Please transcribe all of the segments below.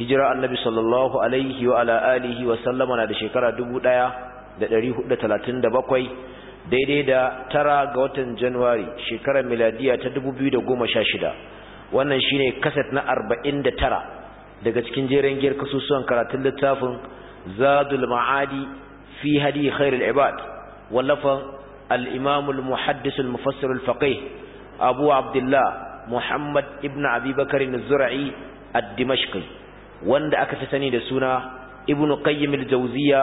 hijira annabi sallallahu alaihi wa ala alihi wa sallama na da shekara 1437 daidai da tara ga watan Januwari shekarar miladiya ta 2016 wannan shine kaset na 49 daga cikin jerin giyar kasusuwan karatun littafin Zadul Ma'adi fi hadi khairul ibad wallafan al-Imam al-Muhaddis al-Mufassir al-Faqih Abu Abdullah Muhammad ibn Abi Bakr az-Zur'i ad wanda aka fi sani da suna ibnu qayyim al-jawziya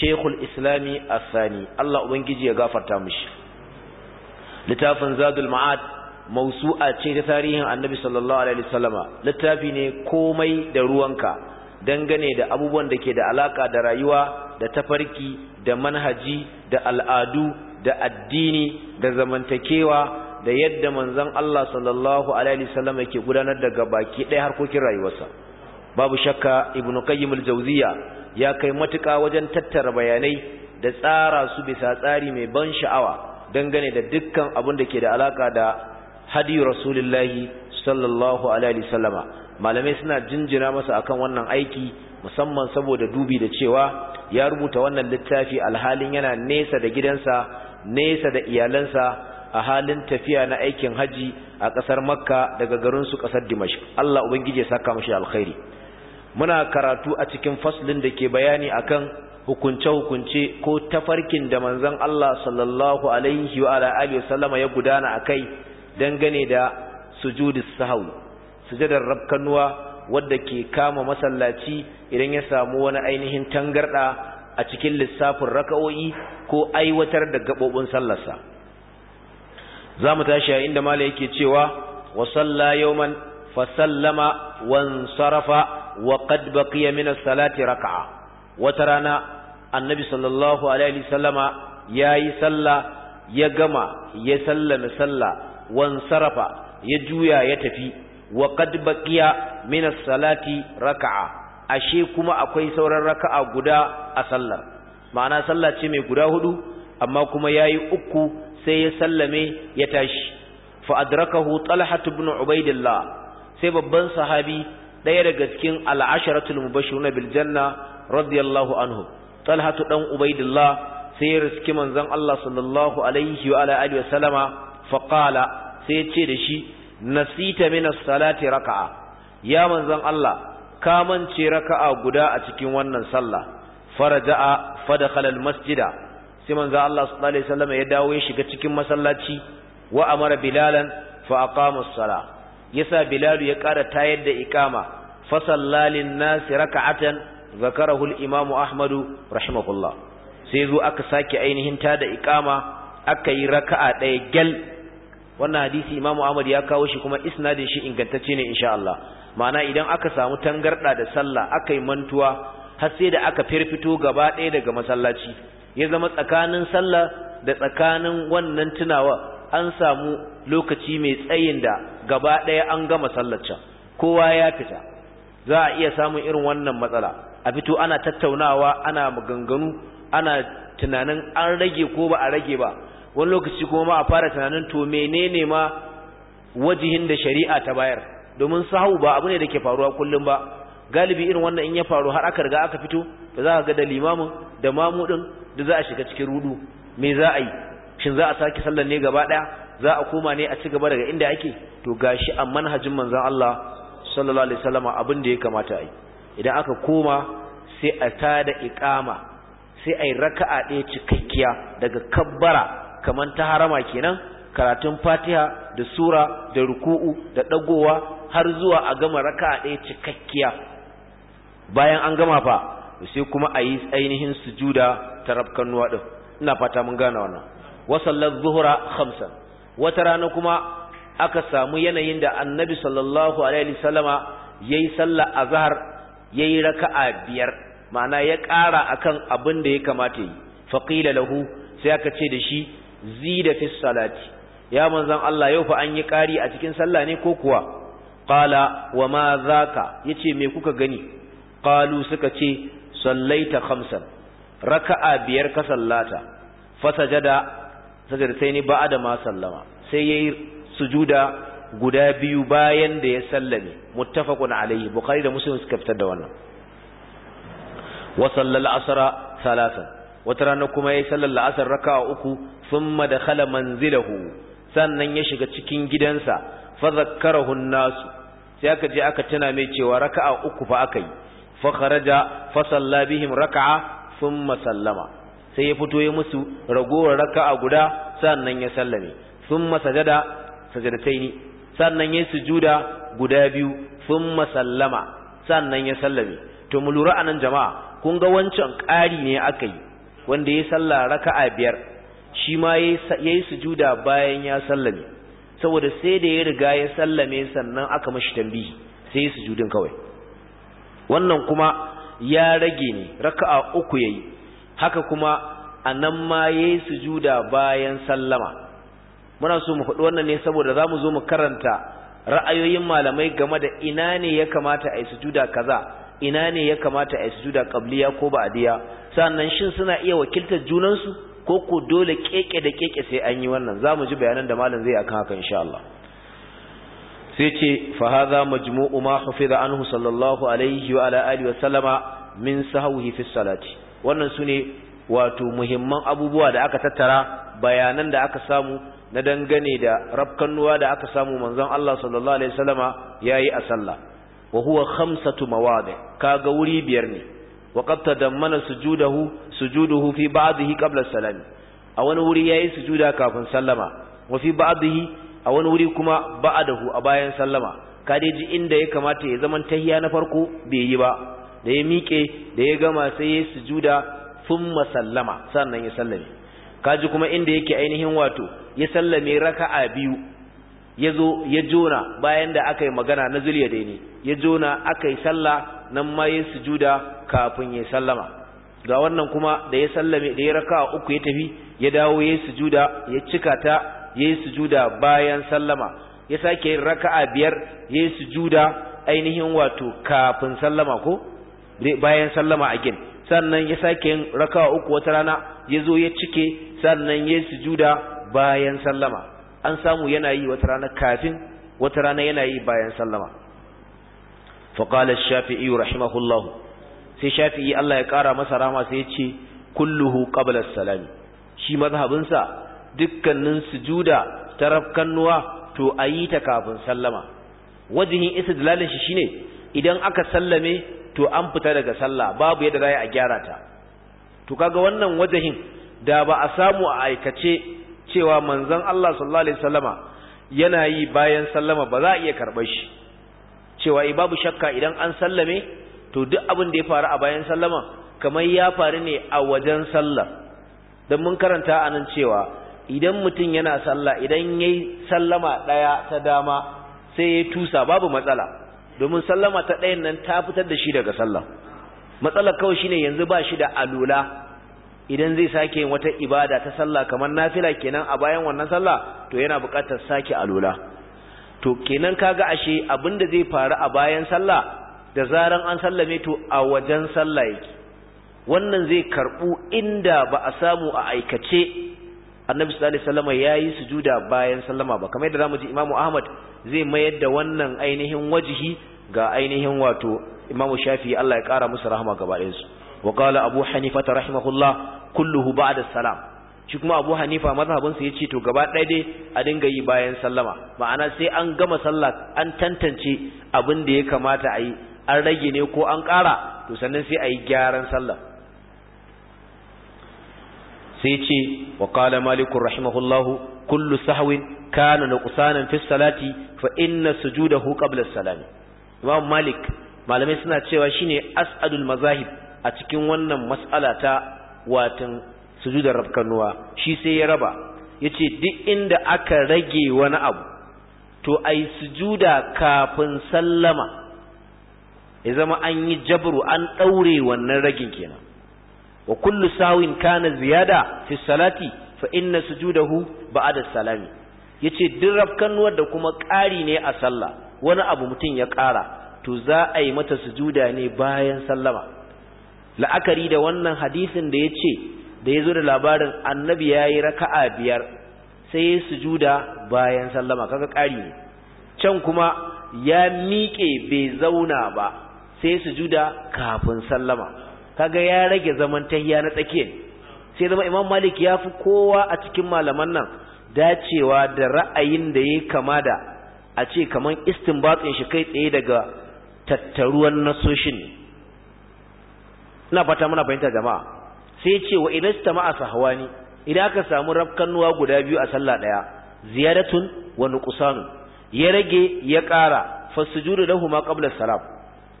shaykhul islami athani Allah ubangiji ya gafarta mishi littafin zadul ma'ad mausu'a ce ta tarihin annabi sallallahu alaihi wasallama littafi ne komai da ruwanka dangane da abubuwan da ke da alaka da rayuwa da tafarki da manhaji da al'adu da addini da zamantakewa da yadda manzon Allah sallallahu alaihi wasallama ke gudanar da baki ɗaya harkokin rayuwarsa babu shakka ibn qayyim al-jawziya ya kai matuka wajen tattara bayanai da tsara su bisa tsari mai ban sha'awa dangane da dukkan abin da ke da alaka da hadi rasulullahi sallallahu alaihi wasallama malamai suna jinjina masa akan wannan aiki musamman saboda dubi da cewa ya rubuta wannan littafi alhalin yana nesa da gidansa nesa da iyalansa a halin tafiya na aikin haji a ƙasar makka daga garinsu ƙasar dimashq allah ubangiji ya saka mashi alkhairi muna karatu a cikin faslin da ke bayani akan hukunce-hukunce ko tafarkin da manzon Allah sallallahu alaihi wa alihi wasallama ya gudana akai dangane da sujudus sahwi sujudar rabkanuwa wadda ke kama masallaci idan ya samu wani ainihin tangarda a cikin lissafin raka'o'i ko aiwatar da gabobin sallarsa Za mu tashi a inda mala yake cewa wa salla yawman fa sallama wa sarafa wa qad baqiya min as-salati raka'a wata rana annabi sallallahu alaihi wasallama yayi sallah ya gama ya sallama sallah wan sarafa ya juya ya tafi wa qad baqiya min as-salati raka'a ashe kuma akwai sauran raka'a guda a sallar ma'ana sallah ce mai guda hudu amma kuma yayi uku sai ya sallame ya tashi fa adrakahu talha ibn ubaidillah sai babban sahabi ɗaya daga cikin al'asharatul mubashiruna bil janna radiyallahu anhu talhatu dan ubaidillah sai riski manzon Allah sallallahu alaihi wa ala alihi wa salama fa qala sai ya ce da shi nasita min as-salati raka'a ya manzon Allah ka mance raka'a guda a cikin wannan sallah faraja'a fa dakhala al-masjida sai manzon Allah sallallahu alaihi wa ya dawo ya shiga cikin masallaci wa amara bilalan fa aqama as-salah yasa bilal ya ƙara tayar da ikama fasallalin nasi nas raka'atan zakarahu al-imam ahmad rahimahullah sai zo aka sake ainihin ta da iqama aka yi raka'a ɗaya gal wannan hadisi imam ahmad ya kawo shi kuma isnadin shi ingantacce ne insha Allah ma'ana idan aka samu tangarda da sallah aka yi mantuwa har sai da aka firfito gaba ɗaya daga masallaci ya zama tsakanin sallah da tsakanin wannan tunawa an samu lokaci mai tsayin da gaba ɗaya an gama sallacin kowa ya fita za a iya samun irin wannan matsala a fito ana tattaunawa ana maganganu ana tunanin an rage ko ba a rage ba wani lokaci kuma ma a fara tunanin to menene ma wajihin da shari'a ta bayar domin sahu ba abu ne da ke faruwa kullum ba galibi irin wannan in ya faru har aka riga aka fito da za ka ga da limamin da Mamudin da za a shiga cikin rudu me za a yi shin za a sake sallar ne gaba daya za a koma ne a ci gaba daga inda ake to gashi a manhajin manzon Allah sallallahu alaihi wasallama abin da ya kamata a yi idan aka koma sai a tada iqama sai ai raka'a ɗaya cikakkiya daga kabbara kamar ta harama kenan karatun Fatiha da sura da ruku'u da dagowa har zuwa a gama raka'a ɗaya cikakkiya bayan an gama fa sai kuma a yi ainihin sujuda ta rabkan nuwa din ina fata mun gane wannan Wasallar sallar zuhura khamsan wata rana kuma aka samu yanayin da annabi sallallahu alaihi wasallama yayi sallar azhar yayi raka'a biyar ma'ana ya ƙara akan abin da ya kamata yi faqila lahu sai aka ce da shi da fi salati ya manzan Allah yau fa an yi ƙari a cikin sallah ne ko kuwa Ƙala wa ma zaka yace me kuka gani ƙalu suka ce sallaita hamsin raka'a biyar ka sallata jada. sajdatayni ba ma sallama sai yayi sujuda guda biyu bayan da ya sallame muttafaqun alayhi bukhari da muslim suka fitar da wannan wa sallal asra wata rana kuma yayi sallal asr raka'a uku thumma dakhala manzilahu sannan ya shiga cikin gidansa fa zakkarahu an sai aka je aka tana mai cewa raka'a uku fa akai fa kharaja fa Labihim bihim raka'a thumma sallama sai ya fito ya musu ragowar raka'a guda sannan ya sallame thumma sajada sajadataini sannan ya sujuda guda biyu thumma sallama sannan ya sallame to mu lura anan jama'a kun ga wancan ƙari ne aka yi wanda ya salla raka'a biyar shi ma yayi sujuda bayan ya sallame saboda sai da ya riga ya sallame sannan aka mashi tambihi sai ya sujudin kawai wannan kuma ya rage ne raka'a uku yayi haka kuma a nan ma ya yi sujuda bayan sallama muna so mu faɗi wannan ne saboda za mu zo mu karanta ra'ayoyin malamai game da ina ne ya kamata a yi sujuda kaza ina ne ya kamata a yi sujuda qabliya ko diya sannan shin suna iya wakiltar junansu ko ko dole keke da keke sai an yi wannan za mu ji bayanan da malam zai akan haka insha Allah sai ce fa hadha majmu'u ma hafiza anhu sallallahu alaihi wa ala alihi wa sallama min sahwihi fi salati wannan su ne wato muhimman abubuwa da aka tattara bayanan da aka samu na dangane da rafkannuwa da aka samu manzon Allah sallallahu alaihi wasallama yayi a sallah wa huwa khamsatu mawadi kaga wuri biyar ne wa qad tadammana sujudahu sujuduhu fi ba'dihi qabla salam a wani wuri yayi sujuda kafin sallama wa fi ba'dihi a wani wuri kuma ba'dahu a bayan sallama kadeji inda ya kamata ya zaman tahiya na farko bai yi ba da ya miƙe da ya gama sai ya sujuda thumma sallama sannan ya sallame kaji kuma inda yake ainihin wato ya sallame raka'a biyu yazo ya jona bayan da aka yi magana na zuliya dai ne ya jona aka yi sallah nan ma ya sujuda kafin ya sallama ga wannan kuma da ya sallame da ya raka'a uku ya tafi ya dawo ya sujuda ya cika ta ya sujuda bayan sallama ya sake yin raka'a biyar ya sujuda ainihin wato kafin sallama ko bayan sallama a gin sannan ya sake yin uku wata rana ya zo ya cike sannan ya sujuda bayan sallama an samu yana yi wata rana kafin wata rana yana yi bayan sallama fa shafii rahimahullahu sai shafi'i Allah ya kara masa rama sai ya ce kulluhu qabla salami shi sa dukkanin sujuda ta rakannuwa to ayi ta kafin sallama wajihin istidlalin shi shine idan aka sallame to an fita daga sallah babu yadda za a gyara ta to kaga wannan wajahin da ba a samu a aikace cewa manzon Allah sallallahu alaihi wasallama yana yi bayan sallama ba za a iya karɓar shi cewa eh babu shakka idan an sallame to duk abin da ya faru a bayan sallama kamar ya faru ne a wajen sallah don mun karanta anan cewa idan mutum yana sallah idan yayi sallama ɗaya ta dama sai ya tusa babu matsala domin sallama ta ɗayan nan ta fitar da shi daga sallah matsalar kawai shine yanzu ba shi da alula idan zai sake wata ibada ta sallah kamar nafila kenan a bayan wannan sallah to yana buƙatar sake alula to kenan kaga ashe abinda zai faru a bayan sallah da zaran an sallame to a wajen sallah yake wannan zai karɓu inda ba a samu a aikace annabi sallallahu alaihi wasallam yayi sujuda bayan sallama ba kamar yadda zamu ji imamu ahmad zai mayar da wannan ainihin wajihi ga ainihin wato imamu shafi Allah ya kara musu rahama gaba ɗayan su wa qala abu hanifa rahimahullah kulluhu ba'da salam shi kuma abu hanifa mazhabin sa yace to gaba ɗaya dai a dinga yi bayan sallama ma'ana sai an gama sallah an tantance abin da ya kamata a yi an rage ne ko an ƙara to sannan sai a yi gyaran sallah sai ce wa kala malikun rahimahullahu kullu sahawin kana nuqsanan fi salati fa inna sujudahu qabla salami imam malik malamai suna cewa shi ne as'adul mazahib a cikin wannan mas'ala ta watan sujudar rafkanuwa shi sai ya raba Ya ce duk inda aka rage wani abu to ai sujuda kafin sallama ya zama an yi jabru an ɗaure wannan ragin kenan wa kullu sawin kana ziyada fi salati fa inna sujudahu ba'da salami yace duk rafkanuwar da kuma ƙari ne a sallah wani abu mutum ya ƙara to za a yi mata sujuda ne bayan sallama la'akari da wannan hadisin da ya ce da ya zo da labarin annabi yayi raka'a biyar sai ya sujuda bayan sallama kaga ƙari ne can kuma ya miƙe bai zauna ba sai sujuda kafin sallama kaga ya rage zaman tahiya na tsakiyar sai zama imam malik ya fi kowa a cikin malaman nan dacewa da ra'ayin da ya kama da a ce kaman istinbatsin shi kai tsaye daga tattaruwan nasoshin ina fata muna fahimta jama'a sai ce wa idan istama'a sahwani idan aka samu rafkanuwa guda biyu a sallah daya ziyaratun wa nuqsan ya rage ya ƙara fasujudu huma qabla salam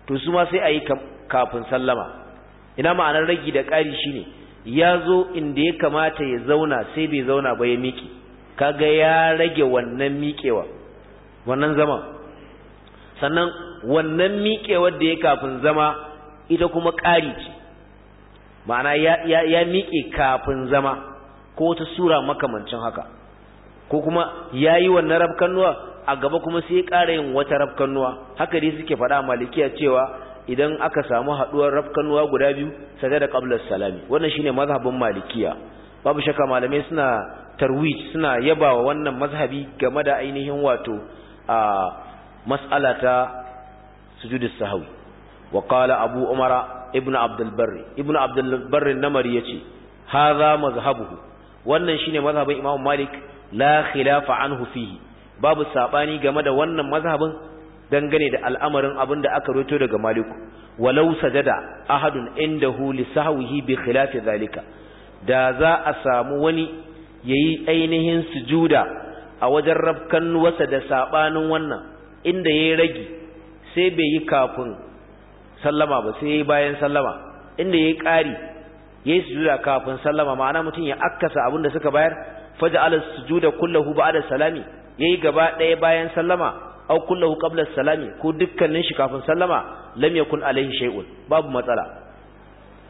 to su ma sai ayi kafin sallama ina ma'anar ragi da ƙari shine ya zo inda ya kamata ya zauna sai bai zauna ba ya miƙe kaga ya rage wannan miƙewa wannan zama sannan wannan miƙewar da ya kafin zama ita kuma ƙari ce ma'ana ya miƙe kafin zama ko wata sura makamancin haka ko kuma ya yi wannan rafkannuwa a gaba kuma sai ya ƙara yin wata rafkannuwa haka dai suke faɗa malikiya cewa idan aka samu haduwar rafkanuwa guda biyu da qabla salami wannan shine mazhabin malikiya babu shakka malamai suna tarwij suna yabawa wannan mazhabi game da ainihin wato a mas'alata ta sujudus sahwi wa qala abu umara ibnu abdul barri ibnu abdul barri namari yace hadha mazhabuhu wannan shine mazhabin imam malik la khilafa anhu fihi babu sabani game da wannan mazhabin dangane da al'amarin abin da aka roto daga maliku walau sajada ahadun indahu li sahwihi bi khilafi zalika da za a samu wani yayi ainihin sujuda a wajen rafkan wasa da saɓanin wannan inda yayi ragi sai bai yi kafin sallama ba sai yayi bayan sallama inda yayi ƙari yayi sujuda kafin sallama ma'ana mutum ya akkasa abin da suka bayar faja'ala sujuda kullahu ba'da salami yayi gaba ɗaya bayan sallama aw kullahu qabla salami ko dukkanin shi kafin sallama lam yakun alaihi shay'un babu matsala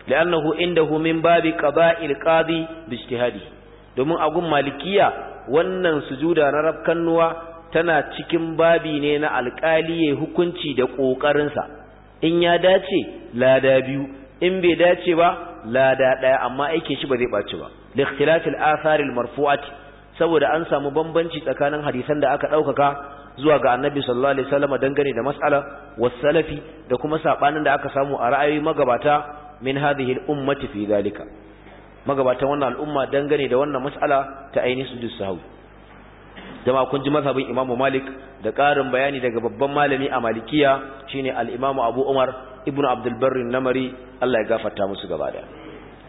li'annahu indahu min babi qada'il qadi bi ijtihadi domin a gun malikiya wannan sujuda na rabkannuwa tana cikin babi ne na alƙali ya hukunci da ƙoƙarinsa in ya dace lada biyu in bai dace ba lada ɗaya amma aikin shi ba zai ɓaci ba da ikhtilafil asaril marfu'ati saboda an samu bambanci tsakanin hadisan da aka ɗaukaka zuwa ga annabi sallallahu alaihi wasallam dangane da mas'ala wasalafi da kuma sabanin da aka samu a ra'ayoyi magabata min hadhihi al-ummati fi zalika magabatan wannan al'umma dangane da wannan mas'ala ta ainihin sujud sahwi jama'a kun ji mazhabin Imam Malik da ƙarin bayani daga babban malami a Malikiya shine al Abu Umar Ibnu Abdul Barr namari Allah ya gafarta musu gaba da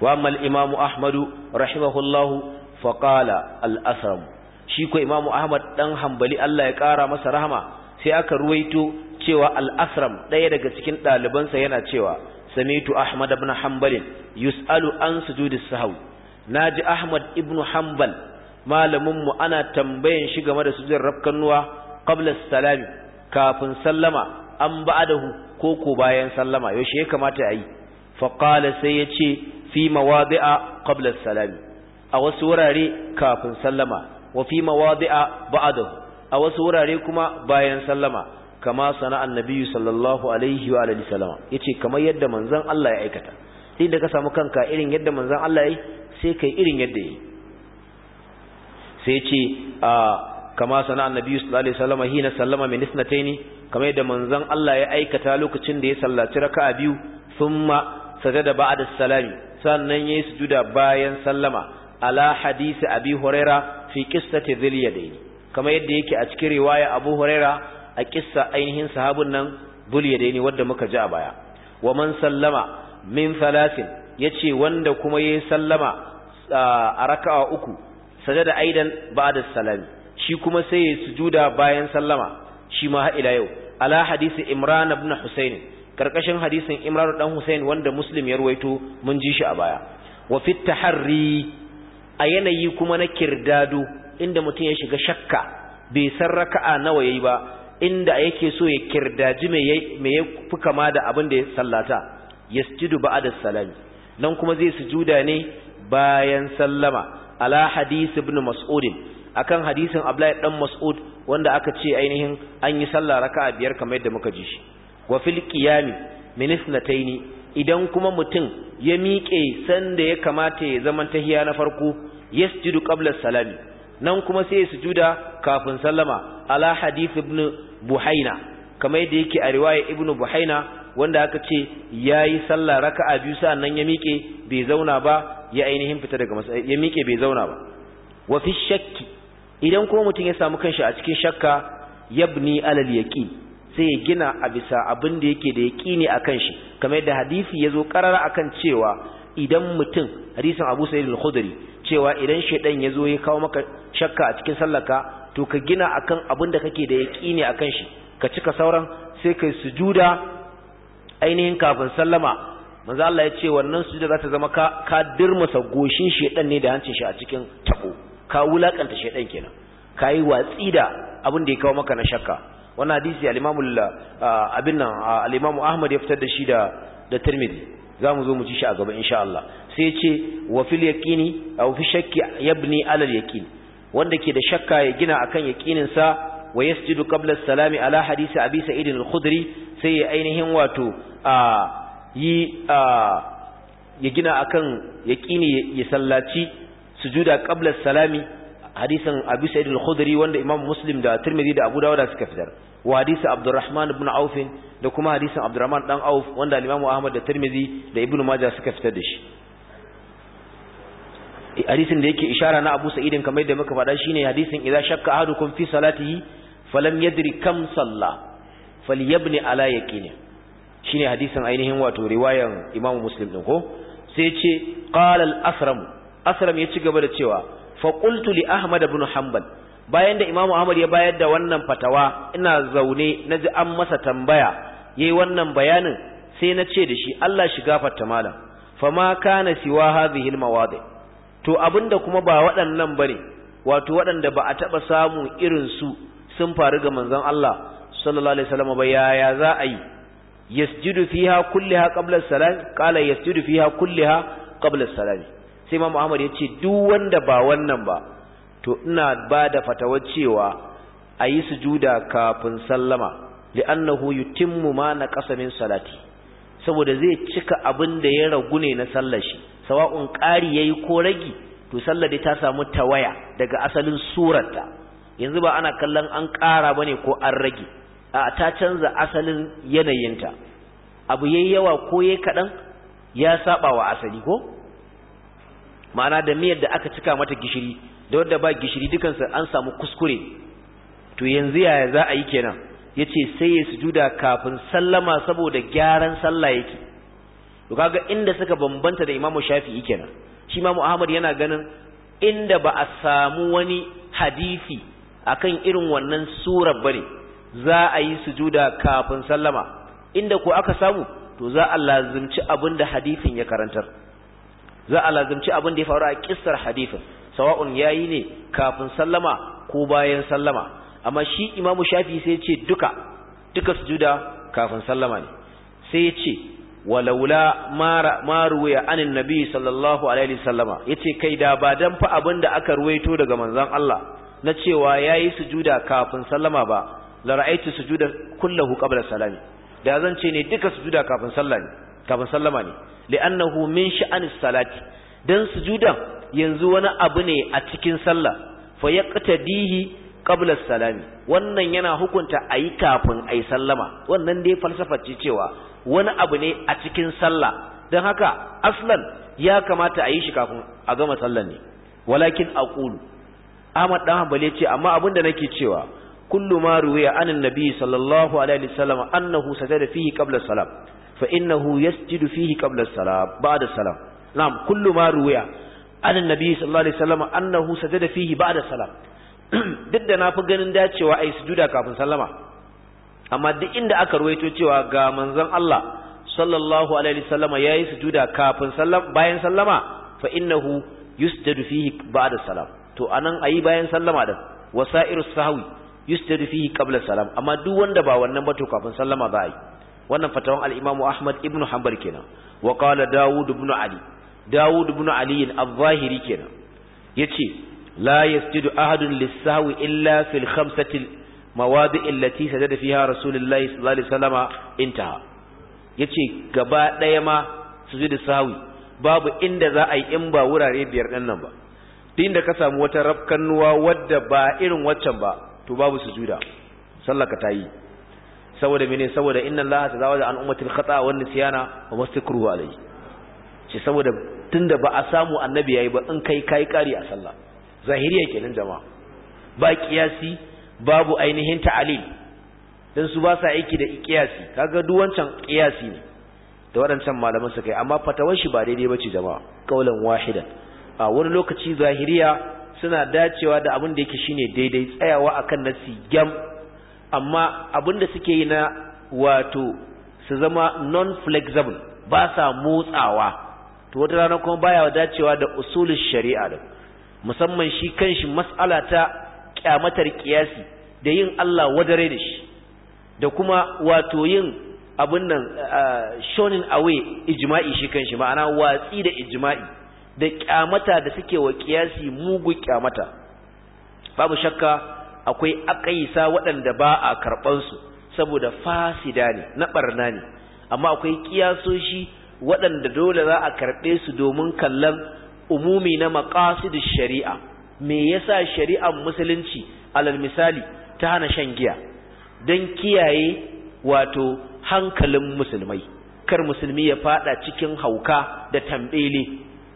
wa amma al-Imam Ahmad rahimahullahu fa al-Asram shi ko imamu ahmad dan Hambali Allah ya kara masa rahama sai aka ruwaito cewa al-asram daya daga cikin ɗalibansa yana cewa samitu ahmad ibn hanbal yus'alu an sujudis sahw naji ahmad ibn hanbal malamin mu ana tambayan shi game da sujudar rafkanuwa qabla salami kafin sallama an ba'adahu ko ko bayan sallama yaushe ya kamata ayi fa qala sai yace fi mawadi'a qabla salami a wasu wurare kafin sallama wa fi mawadi'a ba'dahu a wasu wurare kuma bayan sallama kama sana annabi sallallahu alaihi wa alihi sallama yace kamar yadda manzon Allah ya aikata sai da ka samu kanka irin yadda manzon Allah yayi sai kai irin yadda yayi sai yace kama sana annabi sallallahu alaihi sallama hina sallama min isnataini kamar yadda manzon Allah ya aikata lokacin da ya sallaci raka'a biyu thumma sajada ba'da salami sannan yayi sujuda bayan sallama ala hadisi abi hurairah fi qissati dhil yadayn kamar yadda yake a cikin riwaya Abu Huraira a kissa ainihin sahabun nan dhil yadayn wanda muka ji a baya wa man sallama min thalathin yace wanda kuma yayi sallama ah, a raka'a uku sajada aidan ba'da salami shi kuma sai yayi sujuda bayan sallama shi ma ila yau ala hadisi Imran ibn Husayn karkashin hadisin Imran dan Husayn wanda Muslim ya ruwaito mun ji shi a baya wa fit taharri a yanayi kuma na kirdado inda mutum ya shiga shakka bai san raka'a nawa yayi ba inda yake so ya kirdaji me ya fi kama da abin da ya sallata yasjudu ba'da salami nan kuma zai sujuda ne bayan sallama ala hadith ibn mas'ud akan hadisin Abdullahi dan Mas'ud wanda aka ce ainihin an yi sallah raka'a biyar kamar yadda muka ji shi wa fil qiyami min idan kuma mutum ya miƙe sanda ya kamata ya zama tahiya na farko yasjudu qabla salami nan kuma sai ya sujuda kafin sallama ala hadith ibn buhaina kamar yadda yake a riwaya ibn buhaina wanda aka ce yayi sallah raka'a biyu nan ya miƙe bai zauna ba ya ainihin fita daga masa ya miƙe bai zauna ba wa fi shakki idan kuma mutum ya samu kanshi a cikin shakka yabni alal yaqin sai ya gina a bisa abin da yake da yaqini akan shi kamar yadda hadisi yazo karara akan cewa idan mutum hadisin Abu Sa'id al-Khudri cewa idan shaidan ya zo ya kawo maka shakka a cikin sallaka to ka gina akan abin da kake da ne akan shi ka cika sauran sai kai sujuda ainihin kafin sallama manzo Allah ya ce wannan sujuda za ta zama ka ka dirmusa goshin shaidan ne da hancin shi a cikin tako ka wulakanta shaidan kenan ka yi watsi da abin da ya kawo maka na shakka wannan hadisi al ah, abin nan ah, al-Imam Ahmad ya fitar da shi da da Tirmidhi za mu zo mu ci shi a gaba insha Allah sai ce wa fil yaqini aw fi shakki yabni ala al yaqin wanda ke da shakka ya gina akan yaqinin sa wa yasjudu qabla salami ala hadisi abi sa'id al-khudri sai ya ainihin wato a yi a ya gina akan yaqini ya sallaci sujuda qabla salami hadisin abi sa'id al-khudri wanda imam muslim da tirmidhi da abu dawud suka fitar wa hadisi Abdurrahman ibn Auf da kuma hadisin Abdurrahman dan Auf wanda Imam Ahmad da Tirmidhi da Ibn Majah suka fitar da shi hadisin da yake ishara na Abu Sa'id kamar da muka faɗa shine hadisin idza shakka ahadukum fi salatihi falam yadri kam salla falyabni ala yaqini shine hadisin ainihin wato riwayan Imam Muslim din ko sai ce qala al-asram asram ya ci gaba da cewa fa qultu li Ahmad ibn Hanbal bayan da imamu ahmad ya bayar da wannan fatawa ina zaune na ji an masa tambaya ya yi wannan bayanin sai na ce da shi Allah shiga gafarta malam fama kana siwa hazihi almawadi to abinda kuma ba waɗannan bane wato waɗanda ba a taɓa samu irin su sun faru ga manzon Allah sallallahu alaihi wasallam ba yaya za a yi yasjudu fiha kulliha qabla salam qala yasjudu fiha kulliha qabla salam sai imamu ahmad ya ce duk wanda ba wannan ba to ina ba da fatawar cewa a yi sujuda kafin sallama li'annahu yutimmu ma na kasamin salati saboda zai cika abin da ya ragu ne na sallashi, shi sawa'un ƙari yi ko ragi to sallar ta samu tawaya daga asalin surarta yanzu ba ana kallon an ƙara ba ne ko an rage a ta canza asalin yanayinta abu yayi yawa ko yayi kaɗan ya saba wa asali ko ma'ana da miyar da aka cika mata gishiri da wanda ba gishiri dukansu an samu kuskure to yanzu yaya za a yi kenan yace sai ya sujuda kafin sallama saboda gyaran sallah yake to kaga inda suka bambanta da Imam Shafi'i kenan shi Imam Ahmad yana ganin inda ba a samu wani hadisi akan irin wannan surar bane za a yi sujuda kafin sallama inda ko aka samu to za a lazimci abinda hadisin ya karantar za a lazimci abin da ya faru a kissar hadisin sawa'un yi ne kafin sallama ko bayan sallama amma shi imamu shafi sai ce duka duka su juda kafin sallama ne sai ce walaula ma ruwaya anin nabi sallallahu alaihi sallama ya ce kai da ba don fa abin da aka ruwaito daga manzan Allah na cewa ya yi su juda kafin sallama ba su juda sujuda kullahu qabla salami da zan ce ne duka su kafin kafin sallama ne li'annahu min sha'anis salati dan sujudan yanzu wani abu ne a cikin sallah fa yaqtadihi qabla salami wannan yana hukunta ayi kafin ayi sallama wannan dai falsafa ce cewa wani abu ne a cikin sallah don haka aslan ya kamata ayi shi kafin a gama sallar ne walakin aqulu Ahmad dan Hanbali ce amma abin da nake cewa kullu ma ruwiya anan nabi sallallahu alaihi wasallam annahu sajada fihi qabla salam fa innahu yasjudu fihi qabla salam ba'da salam na'am kullu ma ruwiya an annabi sallallahu alaihi wasallam annahu sajada fihi ba'da salam duk da nafi ganin dacewa ai sujuda kafin sallama amma duk inda aka ruwaito cewa ga manzon Allah sallallahu alaihi wasallam yayi sujuda kafin sallama bayan sallama fa innahu yusjadu fihi ba'da salam to anan ayi bayan sallama din wasa'irus sahwi yusjadu fihi qabla salam amma duk wanda ba wannan ba to kafin sallama za a yi wannan fatawan al-Imam Ahmad ibn Hanbal kenan wa qala Dawud ibn Ali Dawud ibn Ali al-Zahiri kenan yace la yasjudu ahadun lis-sahwi illa fil khamsati mawadi' allati sajada fiha Rasulullahi sallallahu alaihi wasallama intaha yace gaba daya ma sujudu sahwi babu inda za a yi in ba wurare biyar din nan ba din da ka samu wata rafkannuwa wadda ba irin waccan ba to babu sujuda sallaka ta yi saboda mene saboda inna allaha tazawaza an ummatil khata wa nisyana wa mastakru alayhi ce saboda tunda ba a samu annabi yayi ba in kai kai kari a sallah zahiriya kenan jama'a ba kiyasi babu ainihin ta'alil dan su ba sa aiki da kiyasi kaga duk wancan kiyasi ne da waɗancan malaman suka kai amma fatawar shi ba daidai bace jama'a kaulan wahidan a wani lokaci zahiriya suna dacewa da abin da yake shine daidai tsayawa akan nasi gam amma abin da suke yi na wato su zama non flexible ba sa motsawa to wata rana kuma baya dacewa da usulul shari'a da musamman shi kanshi mas'ala ta kyamatar kiyasi da yin Allah wadare da shi da kuma wato yin abin nan shonin away ijma'i shi kanshi ma'ana watsi da ijma'i da kyamata da suke wa kiyasi mugu kyamata babu shakka akwai akaisa waɗanda ba a karɓansu saboda fasida ne na ɓarna ne amma akwai kiyasoshi waɗanda dole za a karɓe su domin kallon umumi na maqasid shari'a me yasa shari'ar musulunci alal misali ta hana shan giya don kiyaye wato hankalin musulmai kar musulmi ya fada cikin hauka da tambele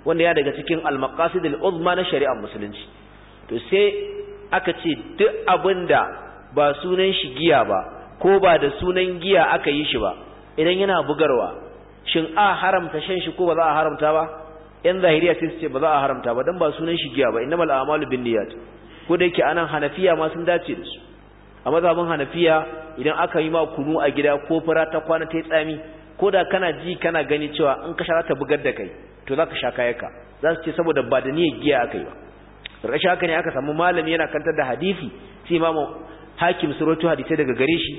wanda ya daga cikin al-maqasid al-uzma na shari'ar musulunci to sai aka ce duk abinda ba sunan shi giya ba ko ba da sunan giya aka yi shi ba idan yana bugarwa shin a haramta shan shi ko ba za a haramta ba yan zahiriya sai su ce ba za a haramta ba dan ba sunan shi giya ba inna mal a'malu niyyat ko da yake anan hanafiya ma sun dace da su a mazhabin hanafiya idan aka yi ma kunu a gida ko fara ta kwana ta tsami ko da kana ji kana gani cewa in ka sha ta bugar da kai to za ka sha kayaka za su ce saboda ba da niyyar giya aka yi ba rashin haka ne aka samu malami yana kantar da hadisi sai imamu hakim suratu hadisi daga gare shi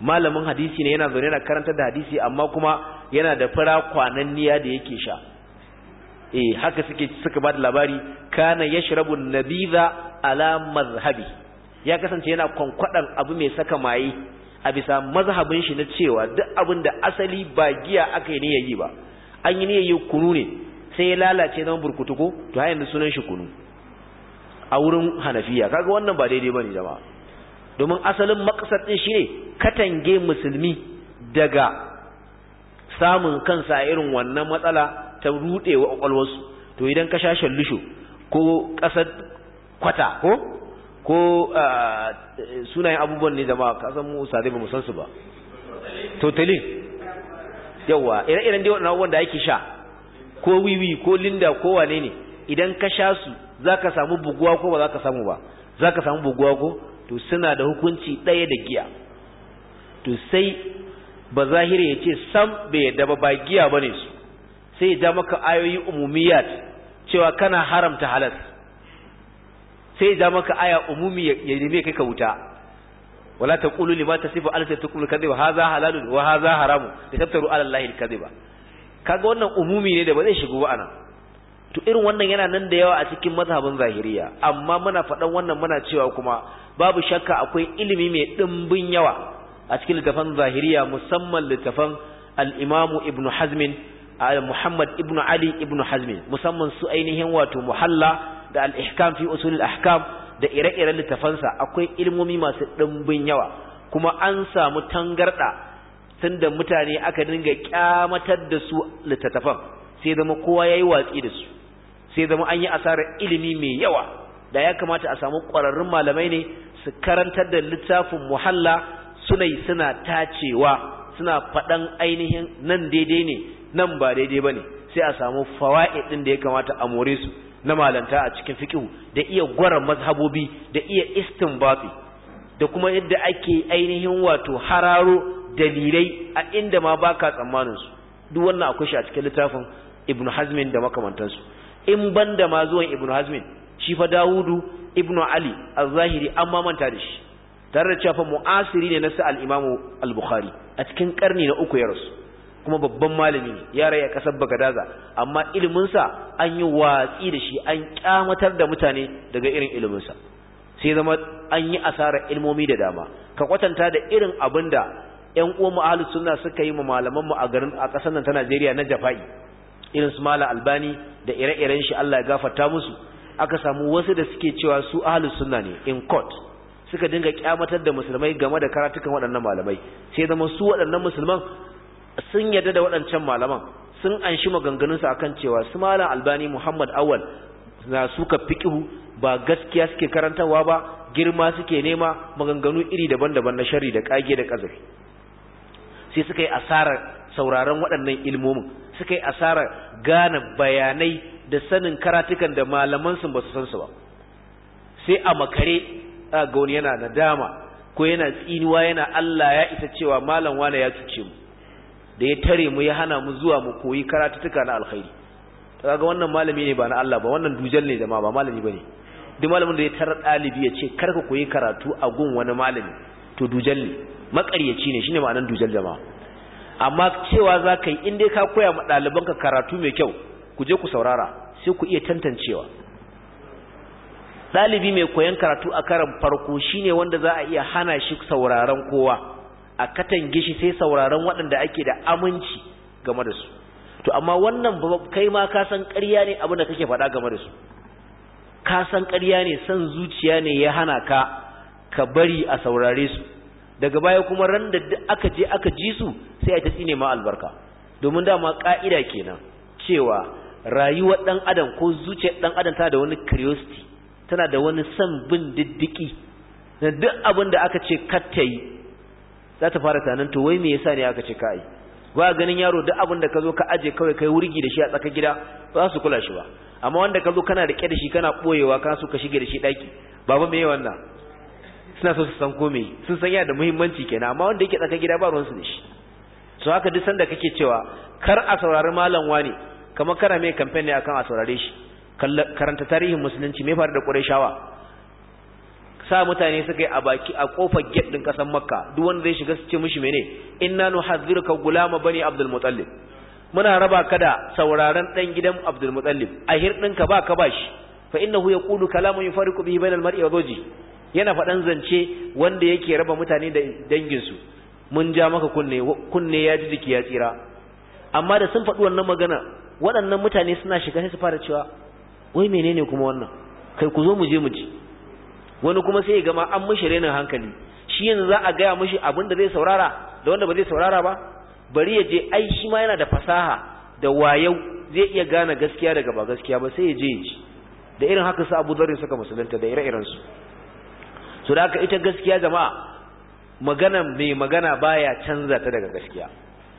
malamin hadisi ne yana zaune yana karantar da hadisi amma kuma yana da fara kwananniya da yake sha eh haka suke suka da labari kana yashrabu nabiza ala mazhabi ya kasance yana kwankwadan abu mai saka maye a bisa mazhabin shi na cewa duk abin da asali ba giya aka yi ne yayi ba an yi ne yayi kunu ne sai ya lalace zama ko, to hayan sunan shi kunu a wurin hanafiya kaga wannan ba daidai bane jama'a domin asalin maqsad din ne, katange musulmi daga samun kansa a irin wannan matsala ta wa kwakwalwarsu to idan ka sha lisho ko ƙasar kwata ko ko sunayen abubuwan ne jama'a ka san mu sadai ba mu san su ba totalin yawa ire-iren dai waɗannan abubuwan da ake sha ko wiwi ko linda ko wane ne idan ka sha su za ka samu buguwa ko ba za ka samu ba za ka samu buguwa ko to suna da hukunci ɗaya da giya to sai ba zahiri ya ce sam bai yadda ba ba giya bane su sai ya ja maka ayoyi umumiyat cewa kana haramta halas sai ya ja maka aya umumi ya neme kai ka wuta wala taqulu lima tasifu alsatukum kadhiba hadha halalun wa hadha haramun litaftaru ala allahi alkadhiba kaga wannan umumi ne da ba zai shigo ba anan to irin wannan yana nan da yawa a cikin mazhabin zahiriya amma muna faɗan wannan muna cewa kuma babu shakka akwai ilimi mai ɗimbin yawa a cikin littafan zahiriya musamman littafan Al'imamu ibnu hazmin muhammad ibnu ali ibnu hazmin musamman su ainihin wato muhalla da al-ihkam fi ahkam da ire-iren littafansa akwai ilmomi masu ɗimbin yawa kuma an samu tangarɗa tunda mutane aka dinga kyamatar da su littattafan sai zama kowa yayi watsi da su sai zama an yi asarar ilimi mai yawa da ya kamata a samu ƙwararrun malamai ne su karantar da littafin muhalla Sunai suna tacewa suna faɗan ainihin nan daidai ne nan ba daidai ba ne sai a samu fawa'id ɗin da ya kamata a more su na malanta a cikin fiƙihu da iya gwara mazhabobi da iya istinbati da kuma yadda ake ainihin wato hararo dalilai a inda ma baka tsammanin su duk wannan akwai shi a cikin littafin Ibn Hazmin da makamantansu in banda ma zuwan Ibn Hazmin shi fa Dawudu ibnu Ali az zahiri an manta da shi tare da cewa mu'asiri ne na sa al-Imam al-Bukhari a cikin karni na uku ya rasu kuma babban malami ne ya raya kasar Bagadaza amma ilimin sa an yi watsi da shi an kyamatar da mutane daga irin ilimin sa sai zama an yi asarar ilmomi da dama ka kwatanta da irin abinda ƴan uwan ahlus sunna suka yi ma malaman mu a garin a kasar nan ta Najeriya na Jafai irin su Mala Albani da ire-iren shi Allah ya gafarta musu aka samu wasu da suke cewa su ahlus sunna ne in court suka dinga kyamatar da musulmai game da karatukan waɗannan malamai sai zama su waɗannan musulman sun yarda da waɗancan malaman sun anshi maganganunsu akan cewa su malam albani muhammad awal na suka fiƙihu ba gaskiya suke karantarwa ba girma suke nema maganganu iri daban-daban na shari da ƙage da ƙazafi sai suka yi asarar sauraron waɗannan ilmomin suka yi asarar gane bayanai da sanin karatukan da malamansu ba su san su ba sai a makare a ga wani yana nadama ko yana tsinuwa yana Allah ya isa cewa malam wane ya cuce mu da ya tare mu ya hana mu zuwa mu koyi karatuttuka na alkhairi to kaga wannan malami ne ba na Allah ba wannan dujal ne jama'a ba malami bane duk malamin da ya tarar dalibi ya ce kar ka koyi karatu a gun wani malami to dujal ne makaryaci ne shine ma'anar dujal jama'a amma cewa za ka yi in dai ka koya ma ɗalibanka karatu mai kyau ku je ku saurara sai ku iya tantancewa ɗalibi mai koyon karatu a karan farko shine wanda za a iya hana shi sauraron kowa a katange shi sai sauraron waɗanda ake da aminci game da su to amma wannan kai ma ka san ƙarya ne abin da kake faɗa game da su ka san ƙarya ne san zuciya ne ya hana ka ka bari a saurare su daga baya kuma ran da aka je aka ji su sai a ta tsine ma albarka domin dama ka'ida kenan cewa rayuwar ɗan adam ko zuciyar ɗan adam ta da wani curiosity tana da wani son bin diddiki na duk abin da aka ce katta yi za ta fara tunanin to wai me yasa ne aka ce ka yi ba ganin yaro duk abin da ka zo ka aje kawai kai wurgi da shi a tsakar gida ba za su kula shi ba amma wanda ka zo kana rike da shi kana boyewa kana so ka shige da shi daki baba me wannan suna so su san komai sun san yana da muhimmanci kenan amma wanda yake tsakar gida ba ruwan su da shi so haka duk sanda kake cewa kar a saurari malam wani kamar kana mai campaign ne akan a saurare shi karanta tarihin musulunci me faru da qurayshawa sa mutane suka yi a baki a ƙofar gate din kasar makka duk wanda zai shiga su ce mishi mene inna nuhadhiruka gulama bani abdul muttalib muna raba ka da sauraron dan gidan abdul muttalib a hirdin ka ba ka bashi fa innahu yaqulu kalaman yufariqu fari bainal mar'i wa zawji yana faɗan zance wanda yake raba mutane da danginsu mun ja maka kunne kunne ya ji jiki ya tsira amma da sun faɗi wannan magana waɗannan mutane suna shiga sai su fara cewa wai menene kuma wannan kai ku zo mu je mu ji wani kuma sai ya gama an mishi renin hankali shi yanzu za a gaya mishi abin da zai saurara da wanda ba zai saurara ba bari ya je ai shi ma yana da fasaha da wayau zai iya gane gaskiya daga ba gaskiya ba sai ya je ji da irin haka su Abu Dharr suka musulunta da ire-iren su so da haka ita gaskiya jama'a magana mai magana baya canza ta daga gaskiya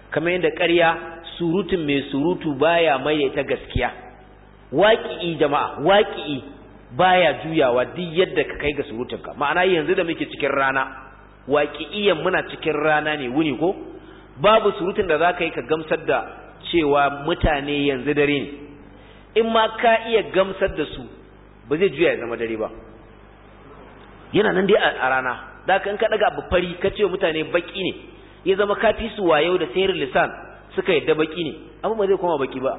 kamar yadda ƙarya surutun mai surutu baya mai ta gaskiya waƙi'i jama'a waƙi'i baya juyawa duk yadda ka kai ga surutanka ma'ana yanzu da muke cikin rana waƙi'iyan muna cikin rana ne wuni ko babu surutun da za ka yi ka gamsar da cewa mutane yanzu dare ne in ma ka iya gamsar da su ba zai juya ya zama dare ba yana nan dai a rana da ka in ka ɗaga abu fari ka ce mutane baƙi ne ya zama ka fi su wayo da sayar lisan suka yadda baki ne abu ba zai koma baƙi ba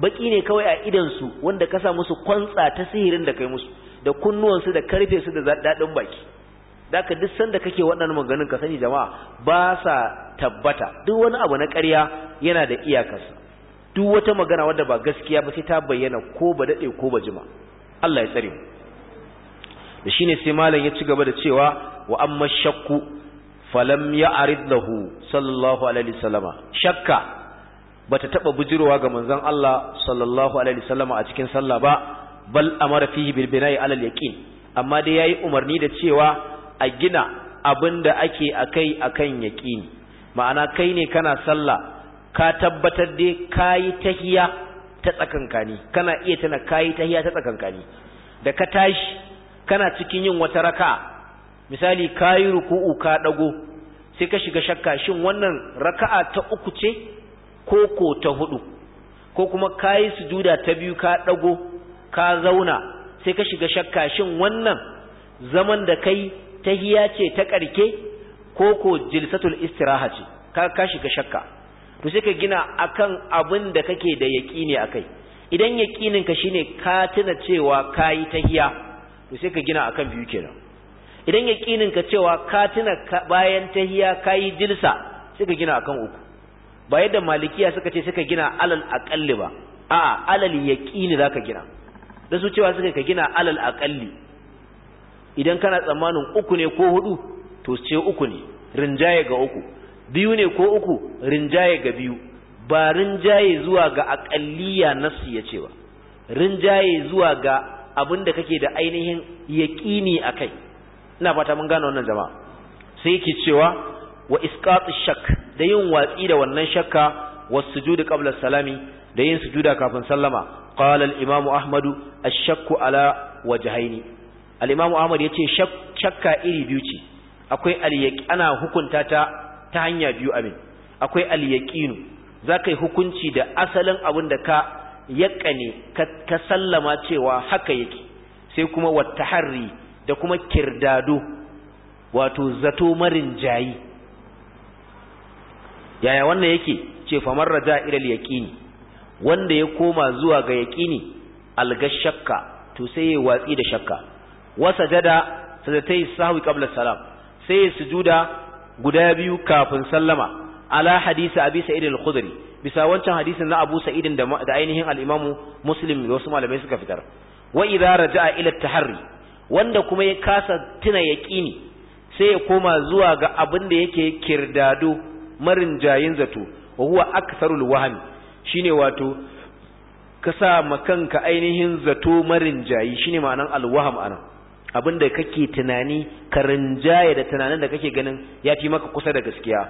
baki ne kawai a idansu wanda ka sa musu kwantsa ta sihirin da kai musu da kunnuwansu da karfe su da daɗin baki da ka duk sanda kake waɗannan maganin ka sani jama'a ba sa tabbata duk wani abu na ƙarya yana da iyakarsa duk wata magana wadda ba gaskiya ba sai ta bayyana ko ba daɗe ko ba jima Allah ya tsare mu da shine sai malam ya ci gaba da cewa wa amma shakku falam ya'rid lahu sallallahu alaihi wasallama shakka bata taba bujirowa ga manzon Allah sallallahu alaihi wasallam a cikin sallah ba bal amara fihi bil bina'i alal yaqin amma dai yayi umarni da cewa a gina abinda ake akai akan yaqini ma'ana kai ne kana sallah ka tabbatar dai kayi tahiya ta kani, kana iya tana kayi tahiya ta tsakankani da ka tashi kana cikin yin wata raka misali kayi ruku'u ka dago sai ka shiga shakka shin wannan raka'a ta uku ce ko ko ta hudu ko kuma ka yi sujuda ta biyu ka ɗago ka zauna sai ka shiga shakka shin wannan zaman da kai ta hiya ce ta ƙarke ko ko jilsatul istiraha ce ka ka shiga shakka to sai ka gina akan abin da kake da yaqini akai idan yaqinin ka shine ka tuna cewa ka yi ta hiya to sai ka gina akan biyu kenan idan yaqinin ka cewa ka tuna bayan ta ka yi jilsa sai ka gina akan uku ba yadda malikiya suka ce suka gina alal aqalli ba a alal yaqini zaka gina da su cewa suka ka gina alal akalli idan kana tsammanin uku ne ko hudu to ce uku ne rinjaye ga uku biyu ne ko uku rinjaye ga biyu ba rinjaye zuwa ga aƙalliya nasu ya ce ba rinjaye zuwa ga abin da kake da ainihin yaqini akai ina fata mun gane wannan jama'a sai yake cewa wa isqatu shakk da yin watsi da wannan shakka was sujudu qabla salami da yin sujuda kafin sallama qala al-imam ahmad ash-shakku ala wajhaini al-imam ahmad yace shakka iri biyu ce akwai al ana hukunta ta ta hanya biyu amin akwai al-yaqinu zakai hukunci da asalin abin da ka yaqane ka sallama cewa haka yake sai kuma tahri da kuma kirdado wato zato marin jayi yaya wannan yake ce famar raja ilal yaqini wanda ya koma zuwa ga yaqini alga shakka to sai ya watsi da shakka wa sajada sajatai sahwi qabla salam sai ya sujuda guda biyu kafin sallama ala hadisi abi sa'id al-khudri bisa wancan hadisin na abu sa'id da ainihin al-imamu muslim da wasu malamai suka fitar wa idza raja'a ila at-tahri wanda kuma ya kasa tuna yaqini sai ya koma zuwa ga abin da yake kirdado marinjayin zato wa huwa aktharul wahmi shine wato ka sa makanka ainihin zato marinjayi shine ma'anan alwaham anan abinda kake tunani ka rinjaye da tunanin da kake ganin ya fi maka kusa da gaskiya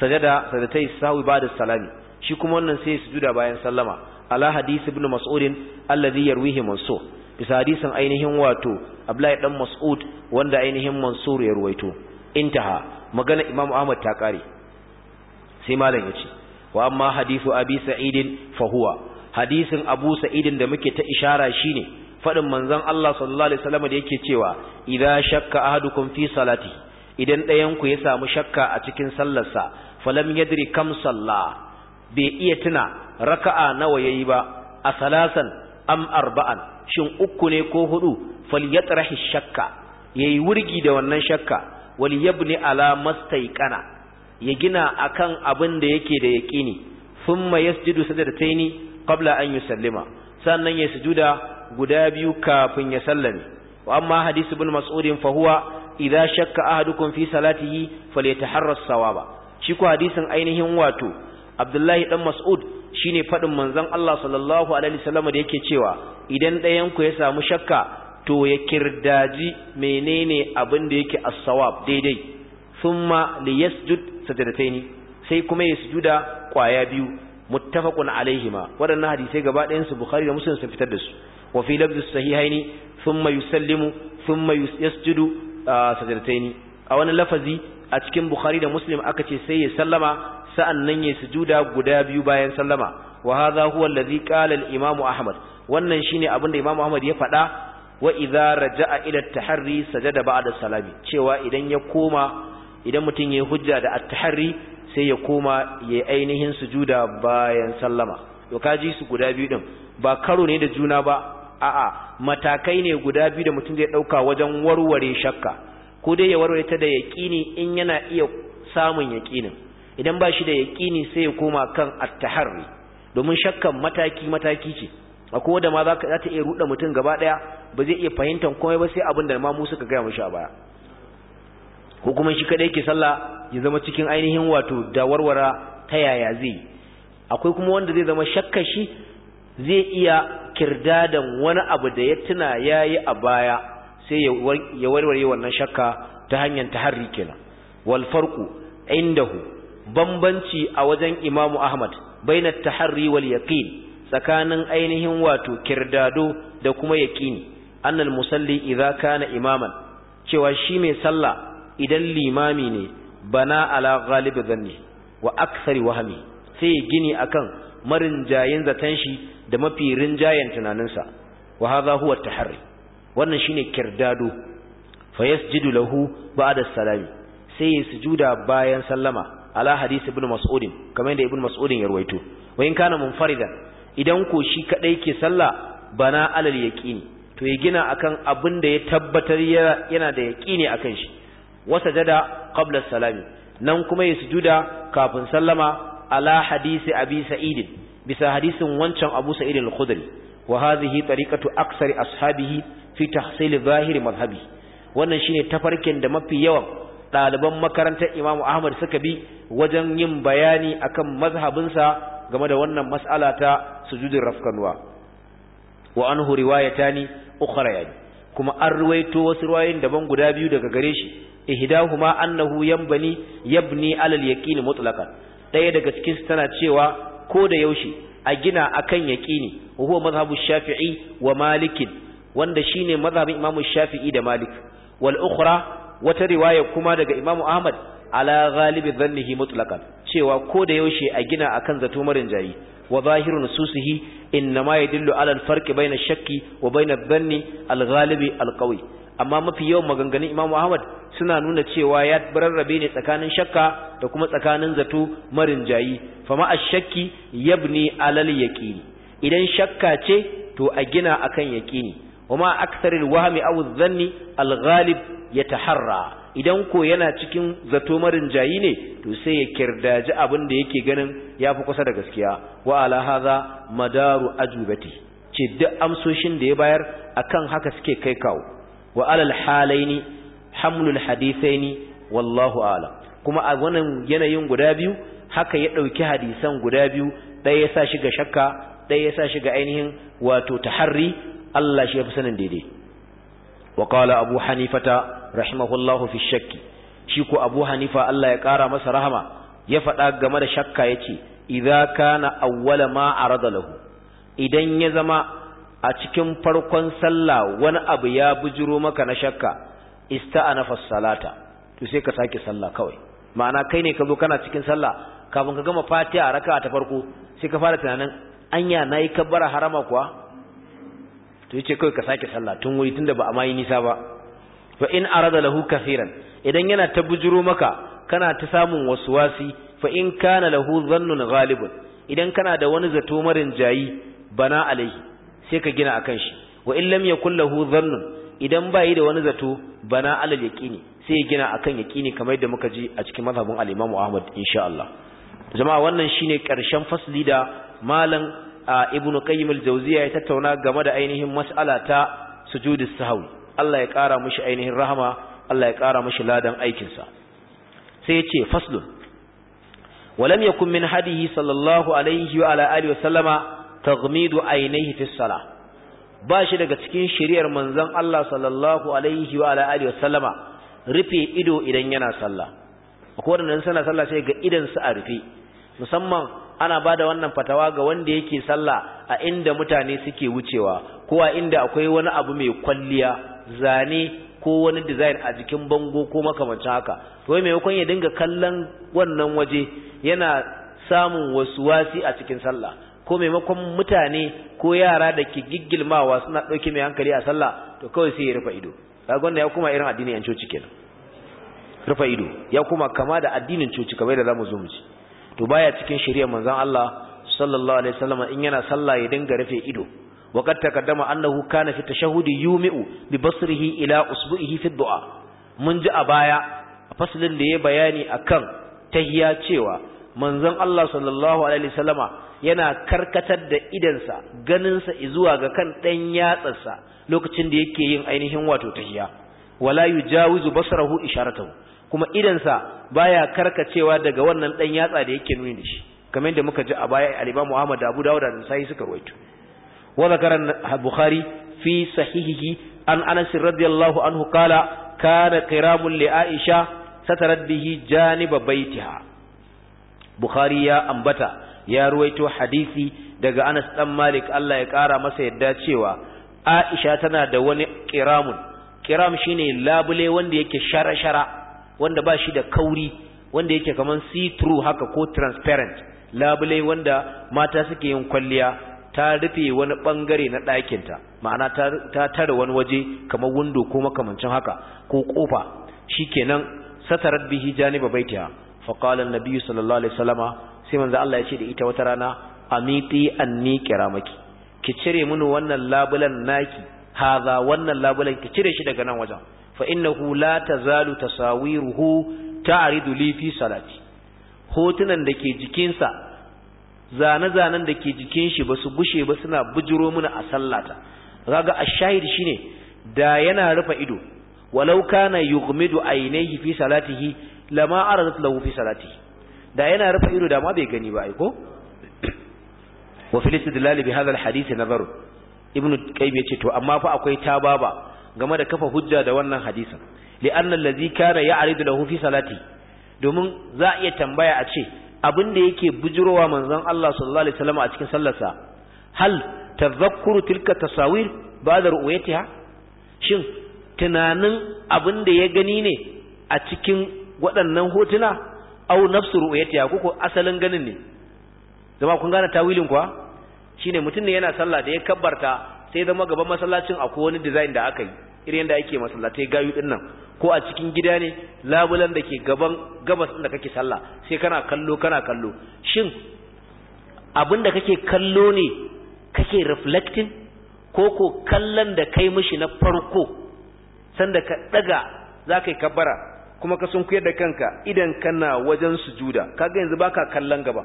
sajada sadatai sawi ba salami shi kuma wannan sai sujuda bayan sallama ala hadisi ibn mas'udin alladhi yarwihi mansur bisa hadisin ainihin wato abdullahi dan mas'ud wanda ainihin mansur ya ruwaito intaha magana imam ahmad ta kare sai malam ya ce wa amma hadithu abi sa'idin fa huwa hadisin abu sa'idin da muke ta ishara shine fadin manzon Allah sallallahu alaihi wasallam da yake cewa idza shakka ahadukum fi salati idan ɗayan ku ya samu shakka a cikin sallarsa falam yadri kam salla bai iya tuna raka'a nawa yayi ba a salasan am arba'an shin uku ne ko hudu falyatrahi shakka yayi wurgi da wannan shakka wal yabni ala mastaiqana ya gina akan abin da yake da yaqini thumma yasjudu sajdataini qabla an yusallima sannan ya sujuda guda biyu kafin ya sallame wa amma hadith ibn mas'ud fa huwa idza shakka ahadukum fi salatihi falyataharras sawaba shi ko hadisin ainihin wato Abdullahi dan Mas'ud shine fadin manzon Allah sallallahu alaihi wasallam da yake cewa idan ɗayan ku ya samu shakka to ya kirdaji menene abin da yake as-sawab daidai thumma liyasjud sajadataini sai kuma ya sujuda kwaya biyu muttafaqun alaihima wadannan hadisai gaba ɗayan su bukhari da muslim sun fitar da su wa fi lafzi sahihaini thumma yusallimu thumma yasjudu sajadataini a wani lafazi a cikin bukhari da muslim aka ce sai ya sallama sa'annan ya sujuda guda biyu bayan sallama wa hadha huwa alladhi qala al-imam ahmad wannan shine abin da imam ahmad ya faɗa wa idza raja'a ila at-tahri sajada ba'da salami cewa idan ya koma idan mutum ya hujja da at sai ya koma yayi ainihin sujuda bayan sallama to kaji su guda biyu din ba karo ne da juna ba a'a matakai ne guda biyu da mutum zai dauka wajen warware shakka ko dai ya warware ta da yaqini in yana iya samun yaqinin idan ba shi da yaqini sai ya koma kan at-tahri domin shakkan mataki mataki ce akwai wanda ma za ta iya ruɗa mutum gaba ɗaya ba zai iya fahimtar komai ba sai abin da ma mu suka gaya mishi a baya ko kuma shi kada yake sallah ya zama cikin ainihin wato da warwara ta yaya zai akwai kuma wanda zai zama shakka shi zai iya kirdadan wani abu da ya tuna yayi a baya sai ya warware wannan shakka ta hanyar taharri kenan wal farqu indahu bambanci a wajen imamu ahmad baina taharri wal yaqin tsakanin ainihin wato kirdado da kuma yaqini annal musalli idza kana imaman cewa shi mai sallah idan limami ne bana ala ghalibi zanni wa akthari wahmi sai ya gini akan marinjayen zaton shi da mafi rinjayen tunaninsa wa hadha huwa taharri wannan shine kirdado fa yasjudu lahu ba'da salami sai ya sujuda bayan sallama ala hadisi ibn mas'ud kamar yadda ibn mas'ud ya ruwaito wa in kana munfaridan idan ko shi kadai ke sallah bana alal yaqini to ya gina akan abin da ya tabbatar yana da yaqini akan shi wasajada qabla salami nan kuma ya sujuda kafin sallama ala hadisi abi sa'id bisa hadisin wancan abu sa'id al-khudri wa hadhihi tariqatu aksari ashabihi fi tahsil zahiri madhhabi wannan shine tafarkin da mafi yawan ɗaliban makarantar Imam Ahmad suka bi wajen yin bayani akan mazhabinsa game da wannan mas'ala ta sujudin rafkanwa wa anhu riwayatani ukhra yani kuma an ruwaito wasu riwayoyin daban guda biyu daga gare shi ihdahuma annahu yanbani yabni alal yaqini mutlaqan daya daga cikin su tana cewa ko da yaushe a gina akan yaqini huwa mazhabu shafi'i wa malik wanda shine mazhabin imamu shafi'i da malik wal ukhra wata riwaya kuma daga imamu ahmad ala ghalibi dhannihi mutlaqan cewa ko da yaushe a gina akan zato marin jayi wa zahiru nususihi innama yadullu ala al-farqi bayna shakki wa bayna adh-dhanni al-ghalibi al-qawi amma mafi yawan maganganun Imam Ahmad suna nuna cewa ya bararrabe ne tsakanin shakka da kuma tsakanin zato marin jayi fama ash-shakki yabni alal yaqini idan shakka ce to a gina akan yaqini Kuma aksarin wahmi aw adh-dhanni al-ghalib yataharra idan ko yana cikin zato marin jayi ne to sai ya kirdaji abin da yake ganin ya fi kusa da gaskiya wa ala hadha madaru ajubati ce duk amsoshin da ya bayar akan haka suke kai kawo wa alal halaini hamlul hadithaini wallahu a'lam kuma a wannan yanayin guda biyu haka ya ɗauki hadisan guda biyu ɗaya ya sa shi ga shakka ɗaya ya sa shi ga ainihin wato taharri Allah shi ya fi sanin daidai wa qala abu hanifata rahimahullahu fi shakki shi ko abu hanifa Allah ya ƙara masa rahma ya faɗa game da shakka ya yace idza kana awwala ma arada lahu idan ya zama a cikin farkon sallah wani abu ya bujiro maka na shakka ista'ana fassalata to sai ka sake sallah kawai ma'ana kai ne ka zo kana cikin sallah kafin ka gama fatiha raka'a ta farko sai ka fara tunanin anya nayi kabbara harama kuwa to yace kawai ka sake sallah tun wuri tunda ba a mai nisa ba fa in arada lahu kaseeran idan yana ta bujiro maka kana ta samun wasu wasi. fa in kana lahu dhannun ghalibun idan kana da wani zato marin jayi bana alaihi sai ka gina akan shi wa in lam yakul lahu dhannun idan bai da wani zato bana alal yaqini sai ya gina akan yaqini kamar yadda muka ji a cikin mazhabin al-Imam Ahmad insha Allah jama'a wannan shine karshen fasli da malam Ibn Qayyim al-Jawziyya ya tattauna game da ainihin mas'ala ta sujudus sahwi Allah ya kara mishi ainihin rahama Allah ya kara mishi ladan aikin sa sai ya ce faslun ولم يكن من هديه صلى الله عليه وعلى wa وسلم taghmidu ainihi fi salah ba shi daga cikin shari'ar manzon Allah sallallahu alaihi wa alihi wasallama rufe ido idan yana sallah akwai wanda suna sallah sai ga idan su a rufe musamman ana bada wannan fatawa ga wanda yake sallah a inda mutane suke wucewa ko a inda akwai wani abu mai kwalliya zane ko wani design a jikin bango ko makamancin haka to maimakon ya dinga kallon wannan waje yana samun wasu wasi a cikin sallah ko maimakon mutane ko yara da ke giggilmawa suna ɗauke mai hankali a sallah to kawai sai ya rufe ido ragon da ya kuma irin addinin yan coci kenan rufe ido ya kuma kama da addinin coci kamar da mu zo mu ci to baya cikin shari'ar manzon Allah sallallahu alaihi wasallam in yana sallah ya dinga rufe ido وقد تقدم أنه كان في التشهد يومئ ببصره إلى أصبعه في الدعاء من جاء بايا فصل da ya bayani akan تشيوا cewa manzon Allah sallallahu alaihi wasallama yana karkatar da idansa ganinsa zuwa ga kan ɗan yatsarsa lokacin da yake yin ainihin wato tahiya wala yujawizu basarahu isharatahu kuma idansa baya karkacewa daga wannan ɗan yatsa da yake nuni da shi kamar yadda muka ji a baya al-Imam Muhammad Abu Dawud da sai suka rawaito wa zakaran Bukhari fi sahihihi an Anas radiyallahu anhu kala kana qiramul li Aisha satarat bihi janiba baitiha Bukhari ya ambata ya ruwaito hadisi daga Anas dan Malik Allah ya kara masa yadda cewa Aisha tana da wani kiramun kiram shine labule wanda yake shara-shara wanda ba shi da kauri wanda yake kaman see through haka ko transparent labule wanda mata suke yin kwalliya ta rufe wani bangare na ɗakinta ma'ana ta tara wani waje kamar window ko makamancin haka ko kofa shikenan satarat bihi janiba baitiha faqala an-nabiy sallallahu alaihi wasallama sai manzo Allah ya ce da ita wata rana amiti anni kiramaki ki cire muni wannan labulan naki haza wannan labulan ki cire shi daga nan wajen fa innahu la tazalu tasawiruhu ta'ridu li fi salati hotunan da ke jikinsa zane-zanen da ke jikin shi ba su bushe ba suna bujiro mini a sallata kaga ashahid shine da yana rufe ido walau kana yughmidu aynayhi fi salatihi lama aradat lahu fi salatihi da yana rufe ido da ma bai gani ba ai ko wa fil istidlal bi hadha al hadith nazaru ibnu qayyim yace to amma fa akwai tababa game da kafa hujja da wannan hadisin li anna allazi kana ya'ridu lahu fi salati domin za a iya tambaya a ce abin da yake bujurowa manzon Allah sallallahu alaihi wasallam a cikin sallarsa hal tadhakkuru tilka tasawir ba'da ru'yatiha shin tunanin abin da ya gani ne a cikin waɗannan hotuna au nafsu ya koko asalin ganin ne zama kun gane tawilin kuwa shine mutum ne yana sallah da ya kabbarta sai zama gaban masallacin akwai wani design da aka yi irin yadda ake masallatai gayu din nan ko a cikin gida ne labulan da ke gaban gabas din da kake sallah sai kana kallo kana kallo shin abin da kake kallo ne kake reflecting ko ko kallon da kai mishi na farko sanda ka daga za ka yi kabbara kuma ka sunkuyar da kanka idan kana wajen sujuda kaga yanzu baka kallon gaba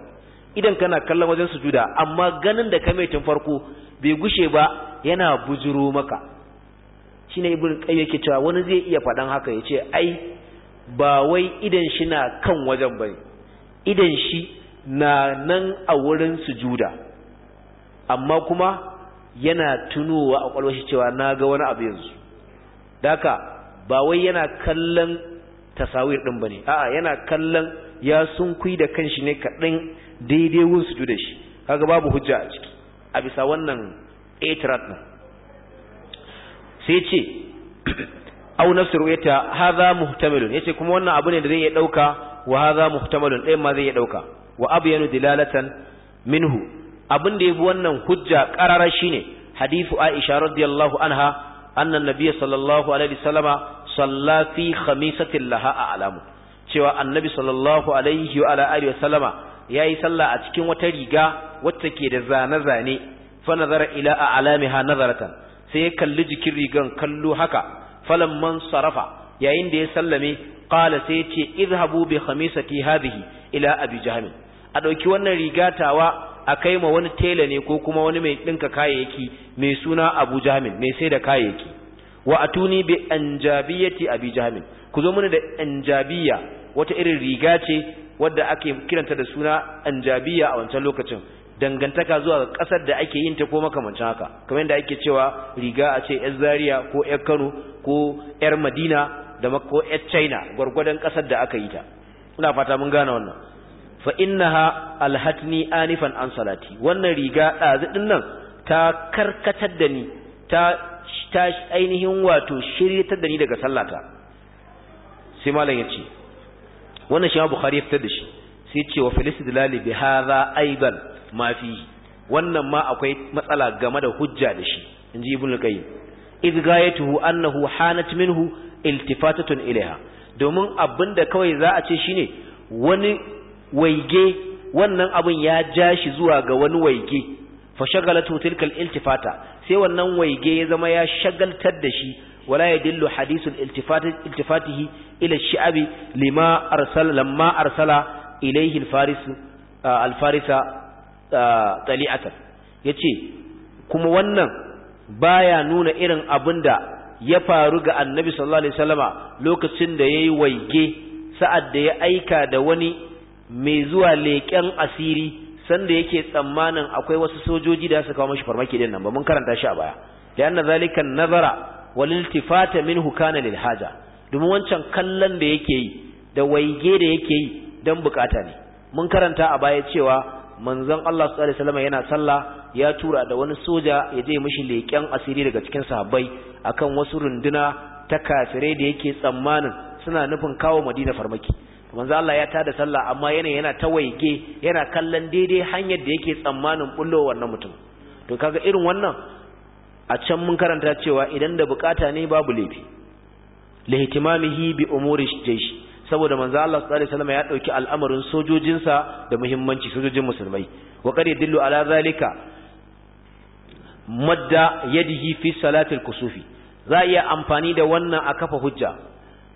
idan kana kallon wajen sujuda amma ganin da ka mai tun farko bai gushe ba yana bujuro maka shine ibn qayyim yake cewa wani zai iya faɗan haka yace ai ba wai idan shi na kan wajen bane idan shi na nan a wurin sujuda amma kuma yana tunowa a kwalwashi shi cewa na ga wani abu yanzu daka ba wai yana kallon tasawir din bane a'a yana kallon ya sunkui da kanshi ne kaɗan daidai wun su da shi kaga babu hujja a ciki a bisa wannan etirat din sai ce au nafsu ru'yata hadha muhtamalun yace kuma wannan abu ne da zai iya dauka wa hadha muhtamalun ɗayan ma zai iya dauka wa abyanu dilalatan minhu abin da yafi wannan hujja qarara shine hadithu aisha radiyallahu anha anna nabiyya sallallahu alaihi wasallama Sallafi khamisatin laha a alamu cewa annabi sallallahu alaihi wa ala alihi wasallama yayi sallah a cikin wata riga wacce ke da zane-zane fa nazara ila a alamiha nazaratan sai ya kalli jikin rigan kallo haka falan man sarafa yayin da ya sallame qala sai ya ce izhabu bi khamisati hadhihi ila abi jahm a dauki wannan riga tawa a kai ma wani tela ne ko kuma wani mai ɗinka kayayyaki mai suna abu jamin mai sai da kayayyaki wa atuni bi anjabiyati abi jahmin ku zo mana da anjabiya wata irin riga ce wadda ake kiranta da suna anjabiya a wancan lokacin dangantaka zuwa ga kasar da ake yin ta ko makamancin haka kamar yadda ake cewa riga a ce yar zaria ko yar kano ko yar madina da ko yar china gwargwadon kasar da aka yi ta ina fata mun gane wannan fa innaha alhatni anifan an salati wannan riga ɗazu ɗin nan ta karkatar da ni ta ta ainihin wato shirye da ni daga sallata sai malam ya ce wannan shi bukhari ya fitar da shi sai ce wa filistidlali bi hadha aiban ma fi wannan ma akwai matsala game da hujja da shi in inji ibnu qayyim id gayatuhu annahu hanat minhu iltifatatun ilaiha domin abinda kawai za a ce shine wani waige wannan abin ya ja shi zuwa ga wani waige fashagala tilkal iltifata sai wannan waige ya zama ya shagaltar da shi wala ya dillo hadithul iltifatihi ila shi'abi lima arsala lamma arsala ilayhi al-faris ah, al-farisa ah, tali'atan yace kuma wannan baya nuna irin abinda ya faru ga annabi sallallahu alaihi wasallama lokacin da yayi waige sa'ad da ya aika da wani mai zuwa leken asiri sanda yake tsammanin akwai wasu sojoji da su kawo mashi farmaki din nan ba mun karanta shi a baya da yana zalika nazara wal iltifata minhu kana lil haja domin wancan kallon da yake yi da waige da yake yi dan bukata ne mun karanta a baya cewa manzon Allah sallallahu alaihi wasallam yana sallah ya tura da wani soja ya je mishi leken asiri daga cikin sahabbai akan wasu runduna ta kafirai da yake tsammanin suna nufin kawo Madina farmaki manzo Allah ya tada sallah amma yana yana tawaige yana kallon daidai hanyar da yake tsammanin bullo wannan mutum to kaga irin wannan a can mun karanta cewa idan da bukata ne babu laifi lihtimamihi bi umuri jaysh saboda manzo Allah sallallahu alaihi wasallam ya dauki al'amarin sojojinsa da muhimmanci sojojin musulmai wa qad yadullu ala zalika madda yadihi fi salatil kusufi za iya amfani da wannan a kafa hujja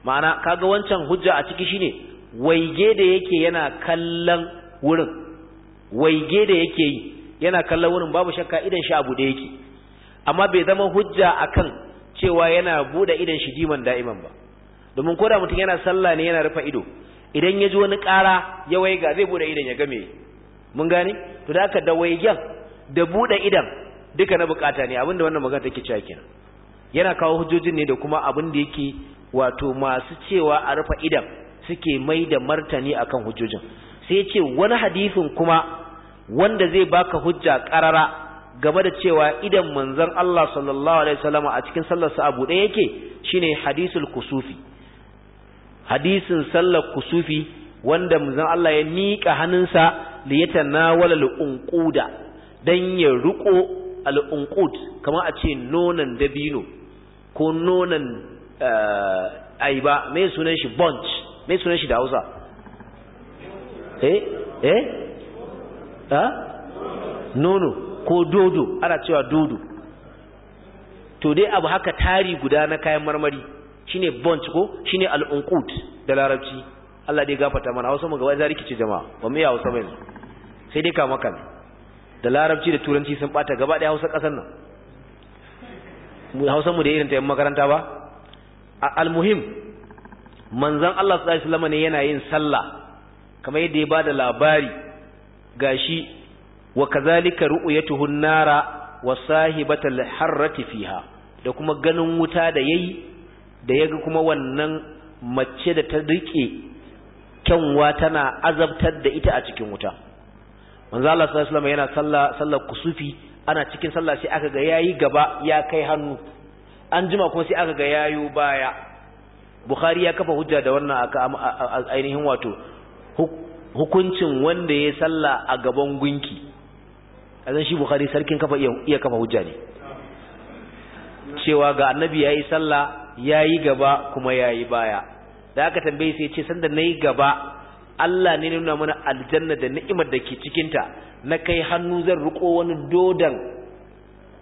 ma'ana kaga wancan hujja a ciki shine waige da yake yana kallon wurin waige da yake yi yana kallon wurin babu shakka idan shi abu da yake amma bai zama hujja akan cewa yana bude idan shi jiman da'iman ba domin koda mutum yana sallah ne yana rufe ido idan ya ji wani ƙara ya waiga zai bude idan ya game mun gane to da ka da waigen da bude idan duka na bukata ne abinda wannan magana take cewa kenan yana kawo hujjojin ne da kuma abin da yake wato masu cewa a rufe idan suke mai da martani akan hujjojin sai ya ce wani hadisin kuma wanda zai baka hujja karara game da cewa idan manzon Allah sallallahu alaihi wasallam a cikin sallarsa abu ɗaya yake shine hadisul kusufi hadisin sallar kusufi wanda manzon Allah ya miƙa hannunsa da ya walal unquda dan ya riko al-unqud kamar a ce nonon dabino ko nonon eh, ayiba mai sunan shi bunch me sunan shi da hausa eh eh ah nono ko dodo ana cewa dodo to dai abu haka tari guda na kayan marmari shine bunch ko shine al-unqut da larabci Allah dai gafarta mana hausa mu wai za rikice jama'a ba mu yi hausa ba yanzu sai dai kama maka da larabci da turanci sun bata gaba da hausa kasar nan mu hausa mu da irin ta yan makaranta ba al-muhim manzon Allah sallallahu alaihi wasallam ne yana yin sallah kamar yadda ya bada labari gashi wa kazalika ru'yatuhu nara wa sahibatal harrati fiha da kuma ganin wuta da yayi da yaga kuma wannan mace da ta rike kyanwa tana azabtar da ita a cikin wuta manzo Allah sallallahu alaihi yana salla sallar kusufi ana cikin sallah sai aka ga yayi gaba ya kai hannu an jima kuma sai aka ga yayo baya bukhari ya kafa hujja da wannan aka ainihin wato hukuncin wanda ya salla a gaban gunki A zan shi bukhari sarkin kafa iya kafa hujja ne cewa ga annabi ya yayi salla yi gaba kuma ya yi baya da aka tambaye sai ce sanda na yi gaba Allah ne nuna mana aljanna da ni'imar da ke cikinta na kai hannu zan riko wani dodan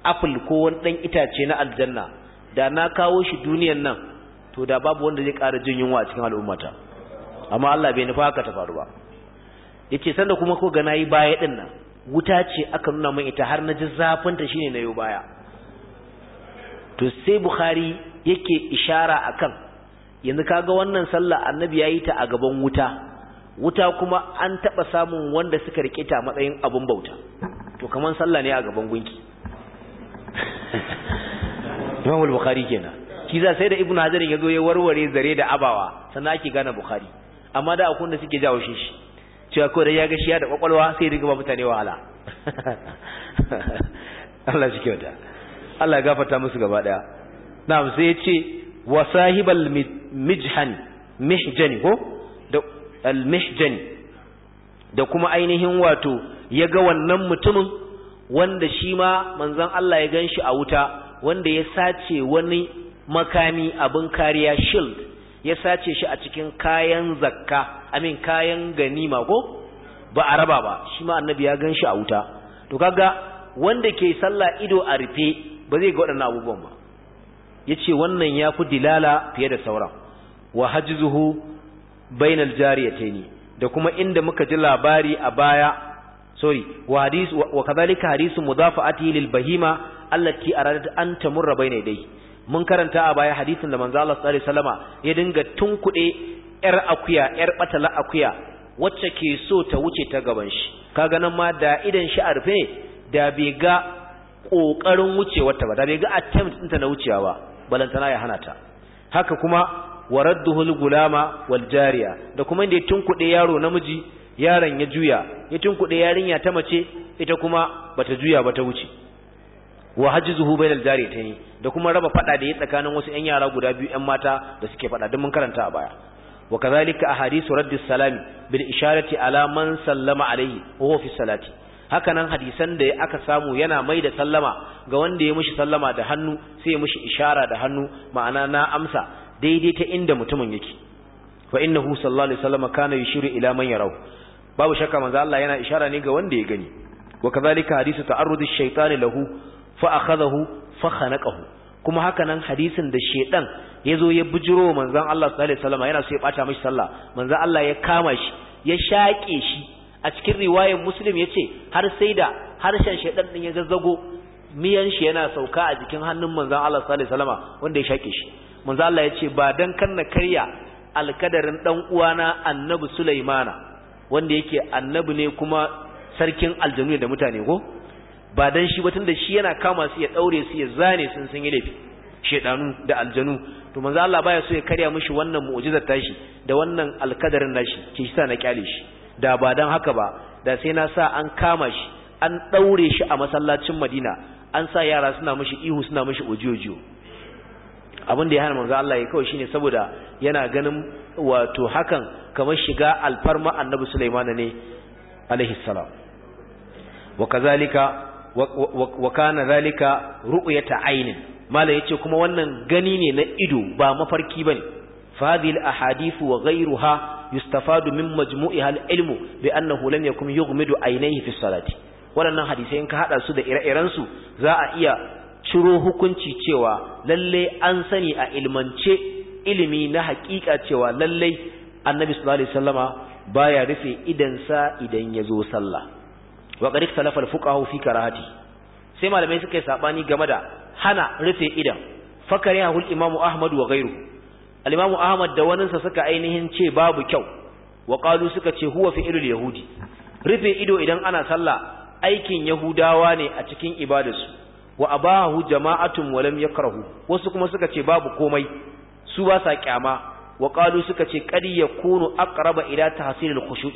apple ko wani dan itace na aljanna da na kawo shi duniyan nan to da babu wanda zai ƙara jin yunwa a cikin al'ummata amma Allah bai nufa haka ta faru ba yace sanda kuma ko ga nayi baya din nan wuta ce aka nuna min ita har na ji zafin ta shine nayo baya to sai Bukhari yake ishara akan yanzu kaga wannan sallah annabi yayi ta a gaban wuta wuta kuma an taba samun wanda suka rike ta matsayin abun bauta to kaman sallah ne a gaban gunki Imam al-Bukhari kenan shi za sai da ibnu hazarin yazo zo ya warware zare da abawa sannan ake gane bukhari amma da akwai da suke jawo shi shi cewa ko da ya ga shiya da kwakwalwa sai riga ba mutane wahala Allah shi kyauta Allah ya gafarta musu gaba daya na'am sai ya ce wa sahibal mijhan mihjani ko da al mihjani da kuma ainihin wato ya ga wannan mutumin wanda shi ma manzon Allah ya ganshi a wuta wanda ya sace wani makami abin kariya shield ya sace shi a cikin kayan zakka amin kayan ganima ko ba a raba ba shi ma annabi ya gan shi a wuta to kaga wanda ke sallah ido a rufe ba zai ga waɗannan abubuwan ba yace wannan ya fi dilala fiye da sauran wa hajzuhu bainal jariyataini da kuma inda muka ji labari a baya sorry wa hadis wa kadhalika hadisu mudafa'ati lil bahima allati aradat an tamurra bainai dai. mun karanta a baya hadisin da manzo Allah sallallahu alaihi wasallama ya dinga tunkuɗe yar akuya yar batala akuya wacce ke so ta wuce ta gaban shi kaga nan ma da idan shi a rufe da bai ga kokarin wucewar ta ba da bai ga attempt ɗinta na wucewa ba balantana ya hana ta haka kuma waradduhul gulama wal jariya da kuma inda ya tunkuɗe yaro namiji yaron ya juya ya tunkuɗe yarinya ta mace ita kuma bata juya ba ta wuce wa hajjuhu bainal jariyatayn da kuma raba fada da yi tsakanin wasu ƴan yara guda biyu ƴan mata da suke fada duk mun karanta a baya wa kadhalika ahadithu raddi salami bil isharati ala man sallama alayhi huwa fi salati hakanan hadisan da aka samu yana mai da sallama ga wanda ya mishi sallama da hannu sai ya mishi ishara da hannu ma'ana na amsa daidai ta inda mutumin yake fa innahu sallallahu alaihi wasallam kana yushiru ila man yarahu babu shakka manzo Allah yana ishara ne ga wanda ya gani wa kadhalika hadisu ta'arrudish ash-shaytan lahu fa akhadahu fa khanaqahu kuma hakanan hadisin da shedan yazo ya bujiro manzon Allah sallallahu alaihi wasallam yana so ya bata mishi sallah manzon Allah ya kama shi ya shaƙe shi a cikin riwayar muslim ce har sai da harshen shedan din ya zazzago miyan shi yana sauka a jikin hannun manzon Allah sallallahu alaihi wasallam wanda ya shaƙe shi manzon Allah ce ba dan kanna karya alkadarin dan uwana annabi Sulaimana wanda yake annabi ne kuma sarkin aljanu da mutane ko ba dan shi batun da shi yana kama su ya daure su ya zane sun sun yi laifi shedanu da aljanu to manzo Allah baya so ya karya mishi wannan mu'jizar tashi da wannan alkadarin nashi ke shi sa na kyale shi da ba dan haka ba da sai na sa an kama shi an daure shi a masallacin Madina an sa yara suna mishi ihu suna mishi ojojo abin da ya hana manzo Allah ya kawai shine saboda yana ganin wato hakan kamar shiga alfarma annabi Sulaiman ne alaihi salam wa kazalika wa kana zalika ru'yata ainin malai yace kuma wannan gani ne na ido ba mafarki bane fa hadhihi al-ahadith wa ha yustafadu min majmui har ilmu bi annahu lam yakun yughmidu aynayhi fi salati waɗannan hadisai in ka hada su da ire su za a iya ciro hukunci cewa lallai an sani a ilimance ilimi na haƙiƙa cewa lallai annabi sallallahu alaihi baya rufe idan sa idan ya zo sallah wa qad ikhtalafa al-fuqaha fi karahati sai malamai suka yi sabani game da hana rufe idan fakarihahu hul imamu ahmad wa ghayru al-imamu ahmad da waninsa suka ainihin ce babu kyau wa qalu suka ce huwa fi'lul yahudi rufe ido idan ana sallah aikin yahudawa ne a cikin ibadarsu wa abahu jama'atun lam yakrahu wasu kuma suka ce babu komai su ba sa kyama wa qalu suka ce qad yakunu aqraba ila tahsilil khushu'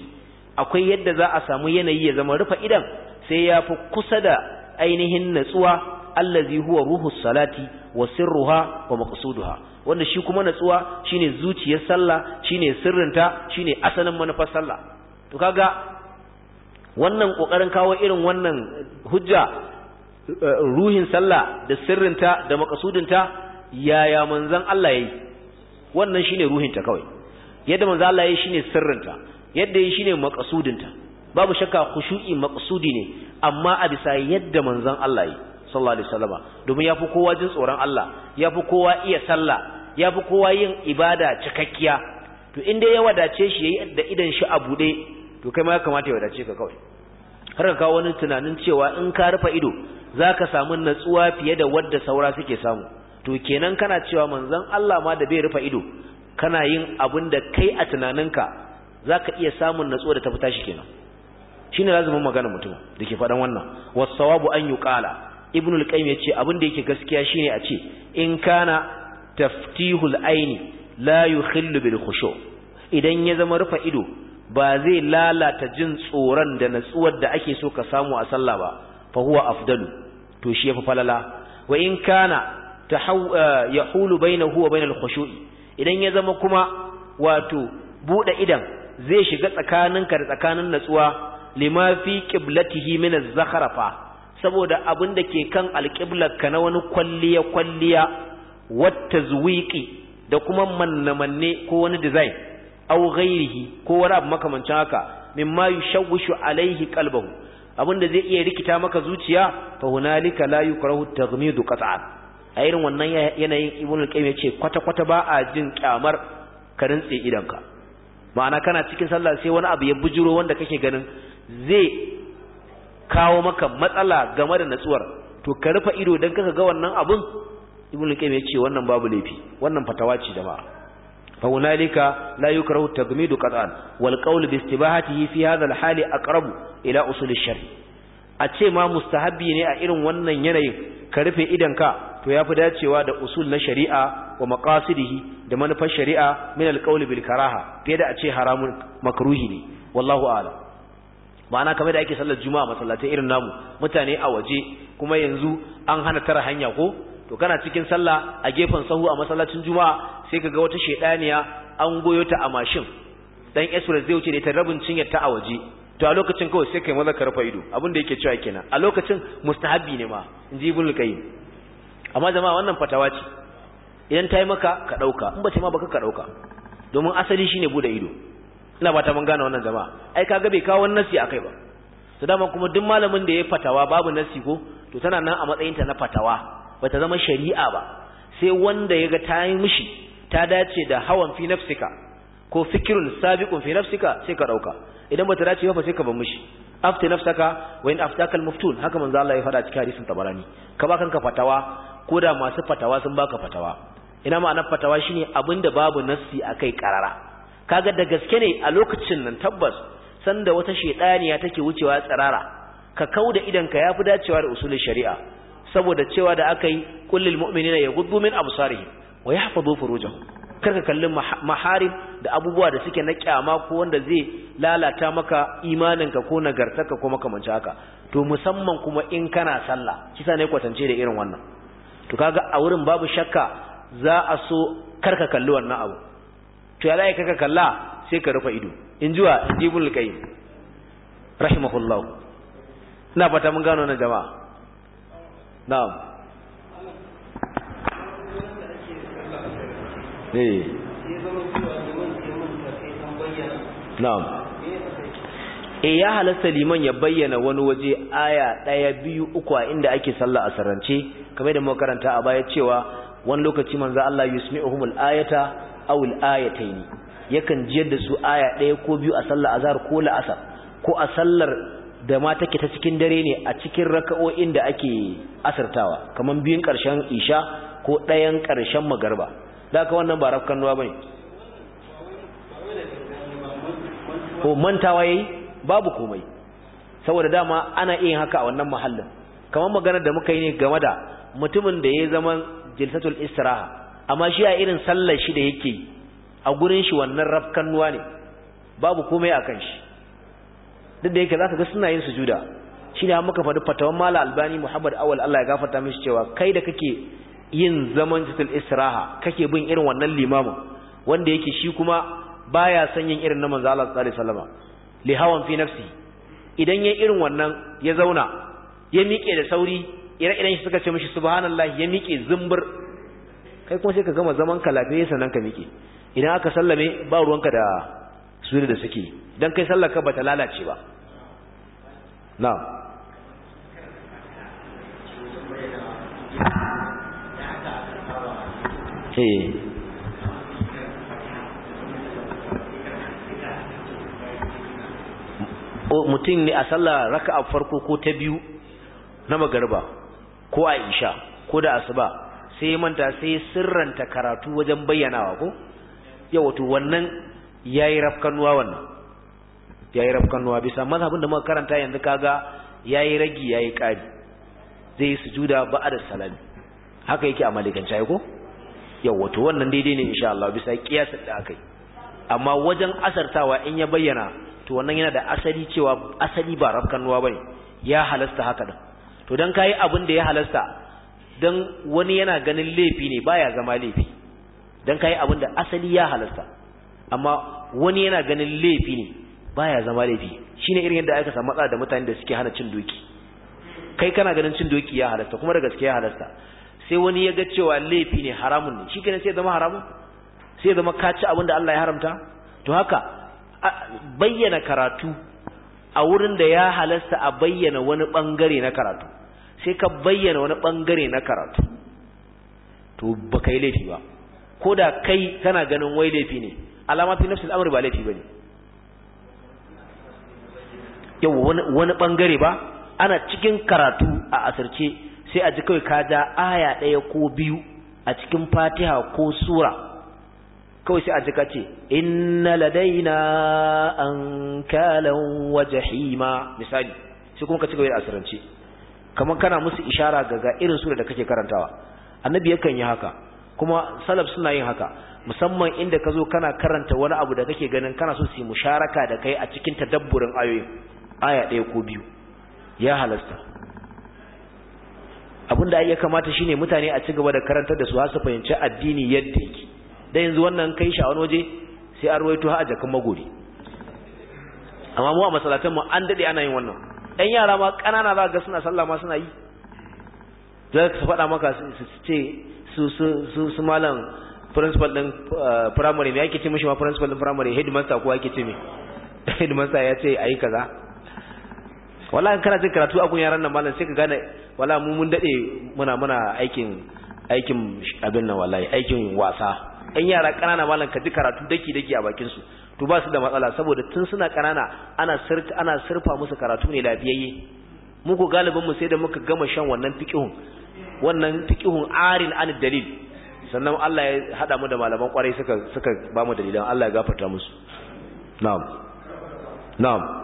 akwai yadda za a samu yanayi ya zama rufa idan sai ya fi kusa da ainihin natsuwa allazi huwa ruhu salati wa sirruha wa maqsuduha wanda shi kuma natsuwa shine zuciyar sallah shine sirrinta shine asalin manufar sallah to kaga wannan kokarin kawo irin wannan hujja eh, ruhin sallah da sirrinta da maqsudinta yaya manzon Allah yayi wannan shine ruhinta kawai yadda manzon Allah yayi shine sirrinta yadda yi shine maqsudinta babu shakka khushu'i maqsudi ne amma a bisa yadda manzon Allah yi sallallahu alaihi wasallama domin yafi kowa jin tsoron Allah yafi kowa iya sallah yafi kowa yin ibada cikakkiya to in ya wadace shi yayi da idan shi a bude to kai ma ya kamata ya wadace ka kawai har ka wani tunanin cewa in ka rufe ido zaka samu natsuwa fiye da wadda saura suke samu to kenan kana cewa manzon Allah ma da bai rufe ido kana yin abin da kai a tunaninka Za ka iya samun natsuwa da tafi tashi kenan Shi shine lazumin magana mutum da ke faɗan wannan Wasu sawabu an yuqala ibnu al-qayyim abin da yake gaskiya shine a ce in kana taftihul aini la yukhillu bil kusho idan ya zama rufa ido ba zai lalata jin tsoron da natsuwar da ake so ka samu a sallah ba fa huwa afdalu to shi yafi falala wa in kana eh, yahulu bainahu wa bainal khushu'i idan ya zama kuma wato buɗe idan zai shiga tsakaninka da tsakanin natsuwa lima fi qiblatihi min az-zakhrafa saboda abin da ke kan alqiblarka na wani kwalliya kwalliya wata zuwiqi da kuma manne-manne ko wani design aw ghairihi ko wani abu makamancin haka mimma yushawwishu alaihi qalbahu abin da zai iya rikita maka zuciya fa hunalika la yukrahu taghmidu qat'an a irin wannan yanayin ibnu al-qayyim yace kwata-kwata ba a jin kyamar ka rintse idanka ma'ana kana cikin sallah sai wani abu ya bujuro wanda kake ganin zai kawo maka matsala game da natsuwar to ka rufe ido dan kaka ga wannan abun ibnu qayyim ya ce wannan babu laifi wannan fatawa ce jama'a wal qawl bi istibahatihi fi hadha al hali هذا ila usul إلى أصول a ce ma مستحبي ne a irin wannan yanayin ka rufe idanka to ya fi dacewa da usul na shari'a wa maqasidihi da manufar shari'a min alqawl bil karaha fiye da a ce haramun makruhi ne wallahu a'lam ma'ana kamar da ake sallar juma'a masallatai irin namu mutane a waje kuma yanzu an hana tara hanya ko to kana cikin sallah a gefen sahu a masallacin juma'a sai kaga wata shedaniya an goyo ta a mashin dan express zai wuce da ta rabin cinyar ta a waje to a lokacin kawai sai kai maza ka rufe ido abin da yake cewa kenan a lokacin mustahabbi ne ma inji ibn qayyim amma jama'a wannan fatawa ce idan ta yi maka ka ɗauka in ba ce ma baka ka ɗauka domin asali shine bude ido ina ba ta mun gane wannan jama'a ai kaga bai kawo wannan nasi akai ba to dama kuma duk malamin da ya fatawa babu nasi ko to tana nan a matsayinta na fatawa bata zama shari'a ba sai wanda ya ga ta yi mishi ta dace da hawan fi nafsika ko fikirun sabiqun fi nafsika sai ka ɗauka idan bata dace ba sai ka bar mishi afta nafsaka wa in aftaka al-muftun haka manzo Allah ya fada cikin hadisin tabarani ka ba kanka fatawa ko da masu fatawa sun baka fatawa ina ma'anar fatawa shine abinda babu nassi akai karara kaga da gaske ne a lokacin nan tabbas sanda wata shedaniya take wucewa tsarara ka kauda idan ka yafi dacewa da usulul shari'a saboda cewa da akai kullul mu'minina yaghuddu min absarihim wa yahfazu Kar ka kallin maharim da abubuwa da suke na kyama ko wanda zai lalata maka imaninka ko nagartaka ko makamanci haka to musamman kuma in kana sallah kisa ne kwatance da irin wannan to kaga a wurin babu shakka za a so karka kalli wannan abu to ya karka kalla sai ka rufe ido in jiwa ibul qayyim rahimahullahu ina fata mun gano nan jama'a na'am eh na'am e ya halasta liman ya bayyana wani waje aya ɗaya biyu uku a inda ake sallah a sarrance kamar da makaranta a baya cewa wani lokaci manzo Allah yusmi'uhumul ayata aw al ayatayn yakan jiyar da su aya ɗaya ko biyu a sallah azhar ko la'asar ko a sallar da ma take ta cikin dare ne a cikin raka'o'in da ake asartawa kamar biyun ƙarshen isha ko ɗayan karshen magarba da ka wannan ba rafkan ruwa bane ko mantawa yayi babu komai saboda dama ana iya yin haka a wannan mahallin kamar maganar da muka yi ne game da mutumin da ya zama jilsatul istiraha amma shi a irin sallar shi da yake a gurin shi wannan rafkannuwa ne babu komai a kan shi duk da yake zaka ga suna yin sujuda ne an muka faɗi fatawan mala albani muhammad awal Allah ya gafarta mishi cewa kai da kake yin zaman jilsatul istiraha kake bin irin wannan limamin wanda yake shi kuma baya son yin irin na manzo Allah sallallahu alaihi lihawan fi nafsi idan ya irin wannan ya zauna ya miƙe da sauri ire-iren shi suka ce mishi subhanallah ya miƙe zumbur kai kuma sai ka gama zaman ka lafiya sannan ka miƙe idan aka sallame ba ruwanka da suri da suke dan kai sallaka bata lalace ba na'am eh ko mutum ne a sallah raka a farko ko ta biyu na magariba ko a isha ko da asuba sai ya manta sai sirranta karatu wajen bayyanawa ko ya wato wannan ya yi rafkanuwa wannan ya yi rafkanuwa bisa mazhabin da muka karanta yanzu kaga yi ragi ya yi kari zai yi sujuda salami haka yake a malikan ko yawa wato wannan daidai ne insha Allah bisa kiyasin da akai amma wajen asartawa in ya bayyana to wannan yana da asali cewa asali ba rafkanuwa bane ya halasta haka din to dan kai abin da ya halasta dan wani yana ganin laifi ne baya zama laifi dan kai abin da asali ya halasta amma wani yana ganin laifi ne baya zama laifi shine irin yadda aka samu matsala da mutanen da suke hana cin doki kai kana ganin cin doki ya halasta kuma da gaskiya ya halasta sai wani ya ga cewa laifi ne haramun ne shi kenan sai zama haramun sai zama ka ci abin da Allah ya haramta to haka bayyana karatu a wurin da ya halasta a bayyana wani bangare na karatu sai ka bayyana wani bangare na karatu to ba kai laifi ba ko da kai kana ganin wai laifi ne alama fi nafsul amri ba laifi bane yau wani bangare ba ana cikin karatu a asirce sai a ji kawai ka ja aya ɗaya ko biyu a cikin Fatiha ko sura kawai sai a jika ce inna ladaina ankalan wa jahima misali sai kuma ka cika da asirance kamar kana musu ishara ga irin sura da kake karantawa annabi yakan yi haka kuma salaf suna yin haka musamman inda ka zo kana karanta wani abu da kake ganin kana so su yi musharaka da kai a cikin tadabburin ayoyin aya ɗaya ko biyu ya halasta abin da ya kamata shine mutane a cigaba da karantar da su har su fahimci addini yadda yake da yanzu wannan kai shi a wani waje sai an ruwaito ha a jakan magori amma mu a masalatan mu an dade ana yin wannan ɗan yara ma ƙanana za ga suna sallah ma suna yi za ka faɗa maka su ce su su su malam principal din eh, primary me ake ce mishi ma principal din primary headmaster ko ake ce me headmaster ya ce ayi kaza wallahi kana jin karatu a gun yaran nan malam sai ka gane wallahi mu mun dade muna muna aikin aikin abin nan wallahi aikin wasa yan yara ƙanana malam ka ji karatu daki daki a bakin su to ba su da matsala saboda tun suna ƙanana ana sirka ana sirfa musu karatu ne lafiyayye mu ko galibin mu sai da muka gama shan wannan fiqhun wannan fiqhun arin an dalil sannan Allah ya hada mu da malaman kwarai suka suka ba mu dalilan Allah ya gafarta musu na'am na'am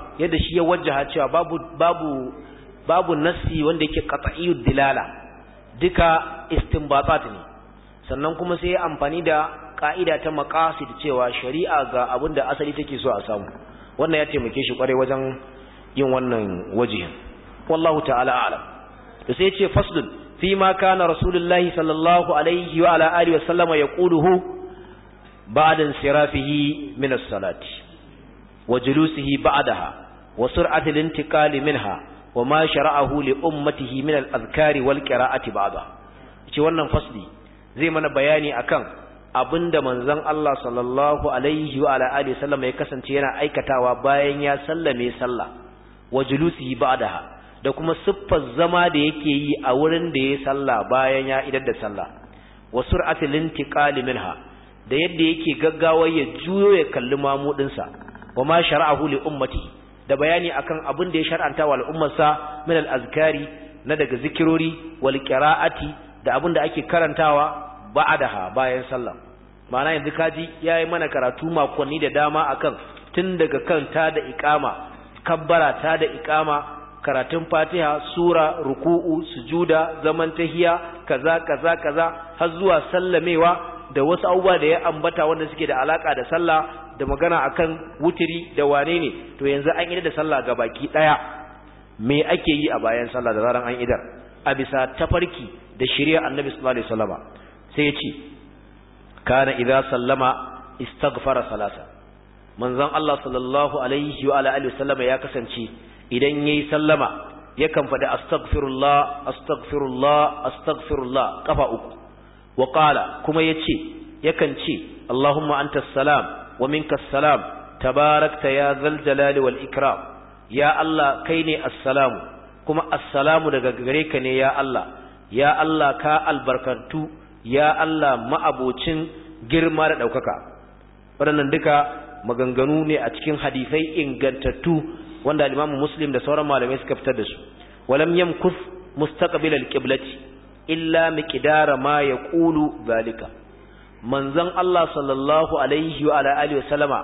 yadda shi ya wajaha cewa babu babu babu nassi wanda yake qat'iyyu dilala duka istinbatat ne sannan kuma sai ya amfani da ka'ida ta maqasid cewa shari'a ga abin da asali take so a samu wannan ya taimake shi kwarai wajen yin wannan wajihin wallahu ta'ala a'lam to sai ya ce faslun fi ma kana rasulullahi sallallahu alaihi wa ala alihi wa sallama yaquluhu ba'da sirafihi min as-salati وجلوسه بعدها وسرعة wa منها وما شرعه لأمته من الأذكار li بعدها min al-azkari wal qira'ati ba'da fasli zai mana bayani akan abinda manzon Allah sallallahu alaihi wa ala alihi sallam ya kasance yana aikatawa bayan ya sallame sallah wa julusihi ba'daha da kuma siffar zama da yake yi a wurin da ya sallah bayan ya idar da sallah wa sur'atil intiqali minha da yadda yake gaggawa ya juyo ya kalli sa wa ma shara'ahu li ummatihi da bayani akan abin da ya shar'anta wa al'ummarsa min al-azkari na daga zikirori wal qira'ati da abin da ake karantawa ba'adaha bayan sallah ma'ana yanzu kaji yayi mana karatu makonni da dama akan tun daga kan ta da iqama kabbara ta da iqama karatun fatiha sura ruku'u sujuda zaman tahiya kaza kaza kaza har zuwa sallamewa da wasu abubuwa da ya ambata wanda suke da alaka da sallah da magana akan wutiri da wane ne to yanzu an idar da sallah ga baki daya me ake yi a bayan sallah da zaran an idar a bisa tafarki da shari'a annabi sallallahu alaihi wasallama sai ya ce kana idza sallama istaghfara salasa manzon Allah sallallahu alaihi wa alihi wasallama ya kasance idan yayi sallama yakan faɗi astaghfirullah astaghfirullah astaghfirullah kafa uku wa qala kuma yace yakan ce Allahumma antas salam wa minka salam tabarakta ya zal jalali wal ikram ya Allah kai ne assalamu kuma assalamu daga gareka ne ya Allah ya Allah ka albarkantu ya Allah ma'abocin girma da ɗaukaka waɗannan duka maganganu ne a cikin hadisai ingantattu wanda al-Imam da sauran malamai suka fitar da su walam kuf mustaqbil al-qiblati illa miqdara ma ƙulu zalika manzon Allah sallallahu alaihi wa alihi wa sallama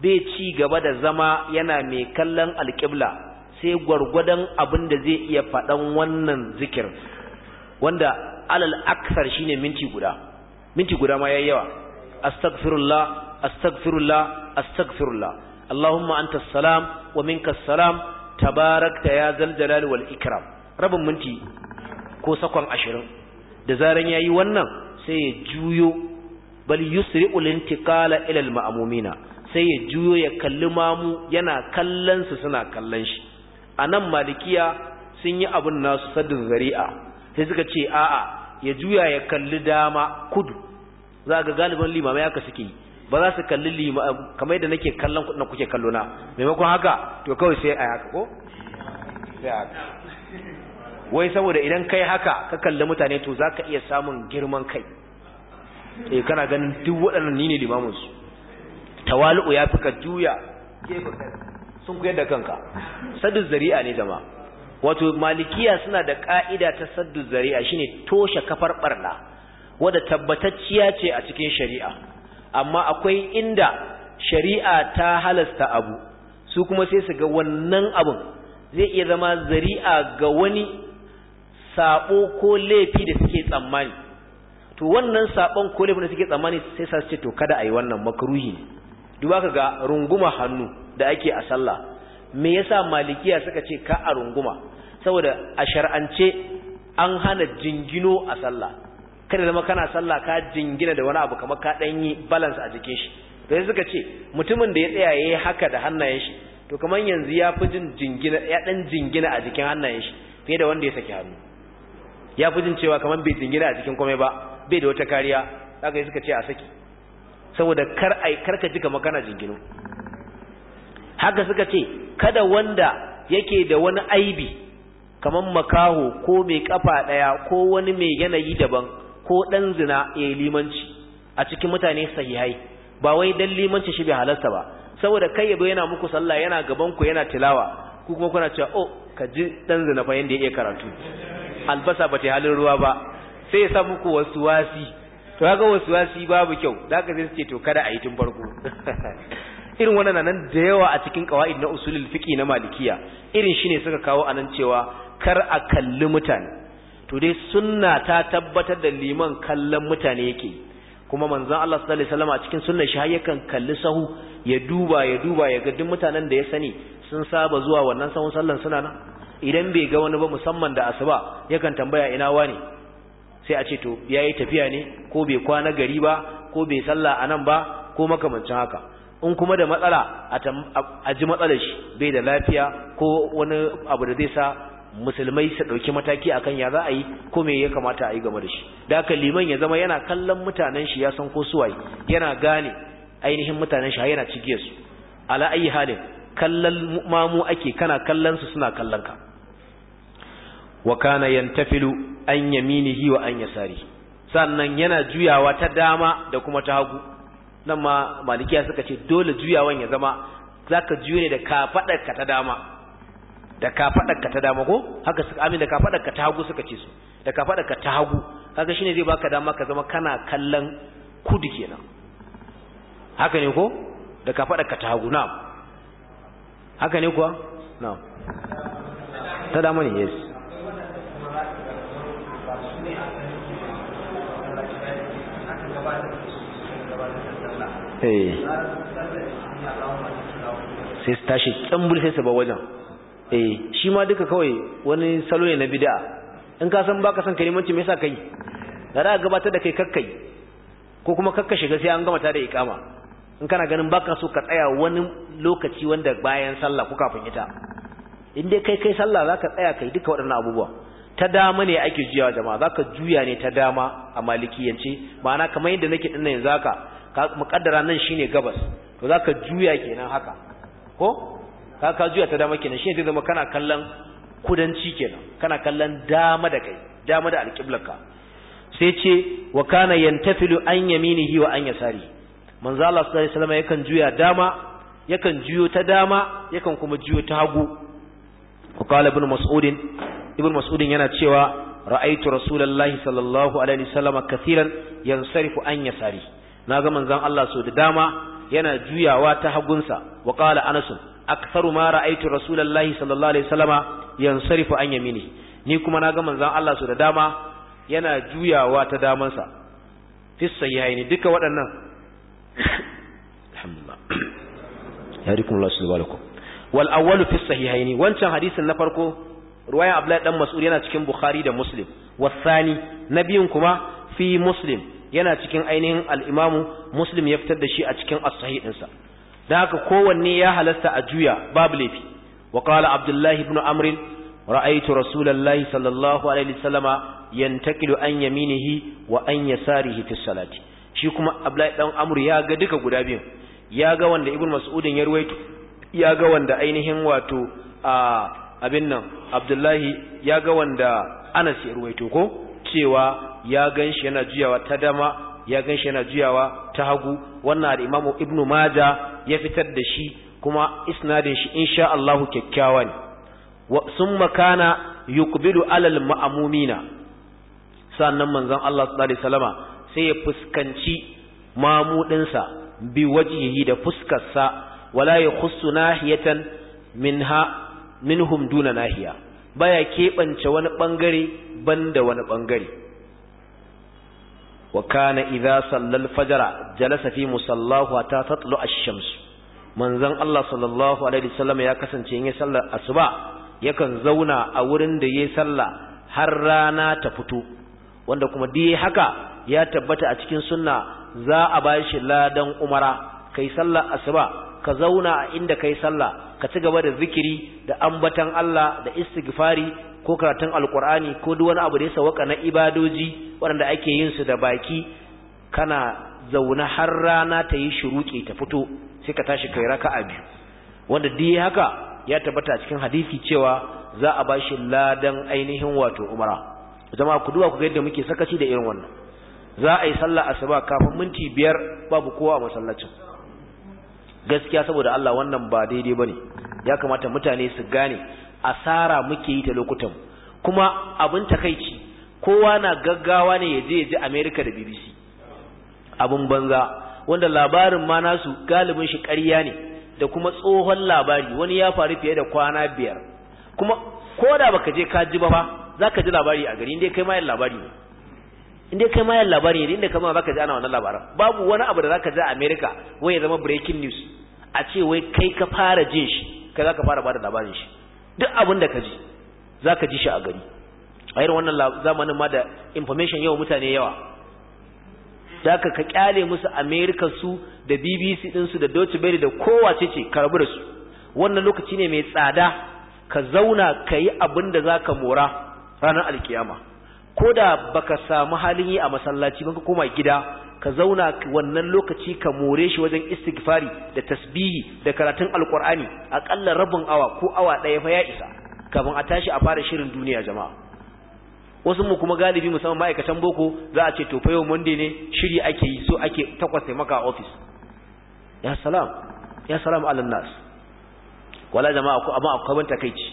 bai ci gaba da zama yana mai kallon alƙibla sai gwargwadon abin da zai iya faɗan wannan zikir wanda alal aksar shine minti guda minti guda ma yayi yawa astaghfirullah astaghfirullah astaghfirullah allahumma anta salam wa minka salam tabarakta ya zal jalal wal ikram rabin minti ko sakon ashirin da zaran yayi wannan sai ya juyo bal yusri'ul intiqala ila al-ma'mumina sai ya juyo ya kalli mamu yana kallon su suna kallon shi anan malikiya sun yi abun nasu sadin zari'a sai suka ce a'a ya juya ya kalli dama kudu za ga galiban limamai haka suke yi ba za su kalli lima kamar yadda nake kallon kudin kuke kallo na maimakon haka to kawai sai a haka ko sai haka wai saboda idan kai haka ka kalli mutane to zaka iya samun girman kai E kana ganin duk waɗannan ni ne limamin su tawali'u ya ka juya sun kuyar da kanka saddu zari'a ne zama. wato malikiya suna da ƙa'ida ta saddu zari'a shine toshe kafar barna wadda tabbatacciya ce a cikin shari'a amma akwai inda shari'a ta halasta abu su kuma sai su ga wannan abun zai iya zama zari'a ga wani saɓo ko laifi da suke tsammani to wannan sabon ko laifin suke tsammani sai sa su ce to kada a wannan makruhi duba ka ga runguma hannu da ake a sallah me yasa malikiya suka ce ka a runguma saboda a shar'ance an hana jingino a sallah kada zama kana sallah ka jingina da wani abu kamar ka dan yi balance a jikin shi to sai suka ce mutumin da ya tsaya yayi haka da hannayen shi to kamar yanzu ya fi jin jingina ya dan jingina a jikin hannayen shi fiye da wanda ya saki hannu ya fi jin cewa kamar bai jingina a jikin komai ba bai da wata kariya zaka yi suka ce a saki saboda kar ai karka ji makana kana jingino haka suka ce kada wanda yake da wani aibi kamar makaho ko mai kafa daya ko wani mai yanayi daban ko dan zina ya limanci a cikin mutane sahihai ba wai dan limanci shi bai halarta ba saboda kai yabo yana muku sallah yana gaban ku yana tilawa ku kuma kuna cewa oh ka ji dan zina fa yanda yake karatu albasa ba ta halin ruwa ba sai ya sa muku wasi, to kaga wasuwasi babu kyau zaka sai ce to kada a yi tun farko irin wannan nan da yawa a cikin qawaid na usulul fiqi na malikiya irin shine suka kawo anan cewa kar a kalli mutane to dai sunna ta tabbatar da liman kallon mutane yake kuma manzon Allah sallallahu alaihi wasallam a cikin sunnar shi yakan kalli sahu ya duba ya duba ya ga duk mutanen da ya sani sun saba zuwa wannan sahun sallan suna nan idan bai ga wani ba musamman da asuba yakan tambaya ina wani sai a ce to yayi tafiya ne ko bai kwana gari ba ko bai sallah anan ba ko makamancin haka in kuma da matsala a ji matsalar shi bai da lafiya ko wani abu da zai sa musulmai su ɗauki mataki akan ya za a yi ko me ya kamata a yi game da shi da haka liman ya zama yana kallon mutanen shi ya san ko suwaye yana gane ainihin mutanen shi yana cigiyarsu ala ayi halin kallon mamu ake kana kallon su suna kallon ka wa kana yantafilu an yaminihi wa an yasari sannan yana juyawa ta dama da kuma ta hagu nan ma malikiya suka ce dole juyawan ya zama zaka juye ne da kafadarka ta dama da kafadarka ta dama ko haka suka amin da kafadarka ta hagu suka ce su da kafadarka ta hagu kaga shine zai baka dama ka zama kana kallon kudu kenan haka ne ko da kafadarka ta hagu na'am haka ne kuwa na'am ta dama ne yes Eh. sai su tashi tsambul sai su ba wajen eh shi ma duka kawai wani salo ne na bid'a in ka san baka san kalimanci me yasa kai da za gabatar da kai kakkai ko kuma kakka shiga sai an gama ta da ikama in kana ganin baka so ka tsaya wani lokaci wanda bayan sallah ko kafin ita in dai kai kai sallah zaka tsaya kai duka waɗannan abubuwa ta dama ne ake juyawa jama'a zaka juya ne ta dama a malikiyance ma'ana kamar yadda nake dinnan yanzu haka muƙaddara nan shine gabas to za ka juya kenan haka ko ka ka juya ta dama kenan shine zai zama kana kallon kudanci kenan kana kallon dama da kai dama da alƙiblarka sai ce wa kana yantafilu an yaminihi wa an yasari manzo Allah sallallahu alaihi wasallam yakan juya dama yakan juyo ta dama yakan kuma juyo ta hagu wa qala ibn mas'ud ibn mas'ud yana cewa ra'aytu rasulullahi sallallahu alaihi wasallam kathiran yansarifu an yasari na ga manzon Allah so da dama yana juyawa ta hagunsa wa qala anas aktharu ma ra'aytu rasulullahi sallallahu alaihi wasallama yansarifu an yamini ni kuma na ga manzon Allah so da dama yana juyawa ta damansa fi sayyaini duka waɗannan alhamdulillah yarikumullahu subhanahu wal awwalu fi sahihaini wancan hadisin na farko ruwayan abdullahi dan mas'ud yana cikin bukhari da muslim wasani na biyun kuma fi muslim yana cikin ainihin al'imamu muslim ya fitar da shi a cikin as da haka kowanne ya halasta a juya babu laifi wa qala abdullahi ibn amr ra'aytu rasulullahi sallallahu alaihi wasallama yantakilu an yaminihi wa an yasarihi fi salati shi kuma abdullahi dan amr ya ga duka guda biyun ya ga wanda ibn mas'udin ya ruwaito ya ga wanda ainihin wato a abin nan abdullahi ya ga wanda anas ya ruwaito ko cewa ya ganshi yana juyawa ta dama ya ganshi yana juyawa ta hagu wannan da imamu ibnu maja ya fitar da shi kuma isnadin shi insha Allahu kyakkyawa ne sun makana yuqbilu alal ma'amumina sannan manzon Allah sallallahu alaihi wasallama sai ya fuskanci mamudinsa bi wajihi da fuskarsa wala yakhussu nahiyatan minha minhum duna nahiya baya keɓance wani ɓangare ban da wani bangare wa kana idza sallal fajra jalasa fi musallahu hatta tatlu ash-shams manzon Allah sallallahu alaihi wasallam ya kasance in ya sallar asuba yakan zauna a wurin da yayi sallah har rana ta fito wanda kuma dai haka ya tabbata a cikin sunna za a bashi ladan umara kai sallar asuba ka zauna a inda kai sallah ka ci gaba da zikiri da ambatan Allah da istighfari ko karatun alkur'ani ko duk wani abu da ya sawaka na ibadoji waɗanda ake yin su da baki kana zaune har rana ta yi shuruƙi ta fito sai ka tashi kai raka'a biyu wanda dai haka ya tabbata cikin hadisi cewa za a bashi ladan ainihin wato umara jama'a ku duba ku ga yadda muke sakaci da irin wannan za a yi sallah asuba kafin minti biyar babu kowa a masallacin gaskiya saboda Allah wannan ba daidai bane ya kamata mutane su gane asara muke yi ta lokutan kuma abin takaici kowa na gaggawa ne yaje-yaje America da BBC abin banza wanda labarin ma nasu galibin shi ƙarya ne da kuma tsohon labari wani ya faru fiye da kwana biyar kuma ko da baka je ka ji ba fa zaka ji labari a gari inda kai ma yin labari ne inda kai ma yin labari ne inda kai ma zaka ji ana wannan labaran babu wani abu da zaka ji a America wai ya zama breaking news a ce wai kai ka fara jin shi kai zaka fara bada labarin shi duk abin da ka ji za ka ji shi a gari a yin wannan zamanin ma da information yawa mutane yawa za ka ka kyale musu america su da bbc ɗinsu da deutsche bari da kowace ce karabu da su wannan lokaci ne mai tsada ka zauna ka yi abin da za ka mora ranar alkiyama ko da baka samu halin yi a masallaci ba ka koma gida ka zauna wannan lokaci ka more shi wajen istighfari da tasbihi da karatun alkur'ani kallan rabin awa ko awa ɗaya fa ya isa kafin a tashi a fara shirin duniya jama'a wasu mu kuma galibi musamman ma'aikatan boko za a ce to fa yau monday ne shiri ake yi so ake takwas maka a office ya salam ya salam alal nas wala jama'a ko amma akwai ban takeici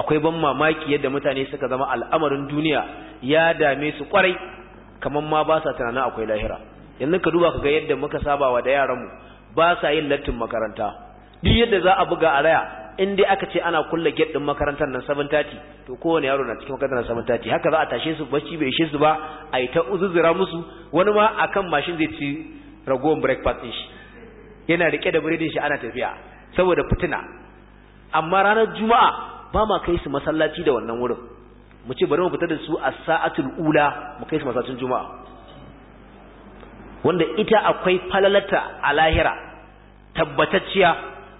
akwai ban mamaki yadda mutane suka zama al'amarin duniya ya dame su kwarai Kaman ma ba sa tunanin akwai lahira yanzu ka duba ka ga yadda muka sabawa da yaranmu ba sa yin lattin makaranta duk yadda za a buga a raya in dai aka ce ana kulle gate din makarantar nan 7:30 to kowane yaro na cikin makarantar 7:30 haka za a tashe su bacci bai ishe su ba a yi ta uzuzura musu wani ma akan mashin zai ci ragowar breakfast din shi yana rike da biredin shi ana tafiya saboda fitina amma ranar juma'a ba ma kai su masallaci da wannan wurin mu ce bari mu fita da su a sa'atul ula mu kai su masacin juma'a wanda ita akwai falalata a lahira tabbatacciya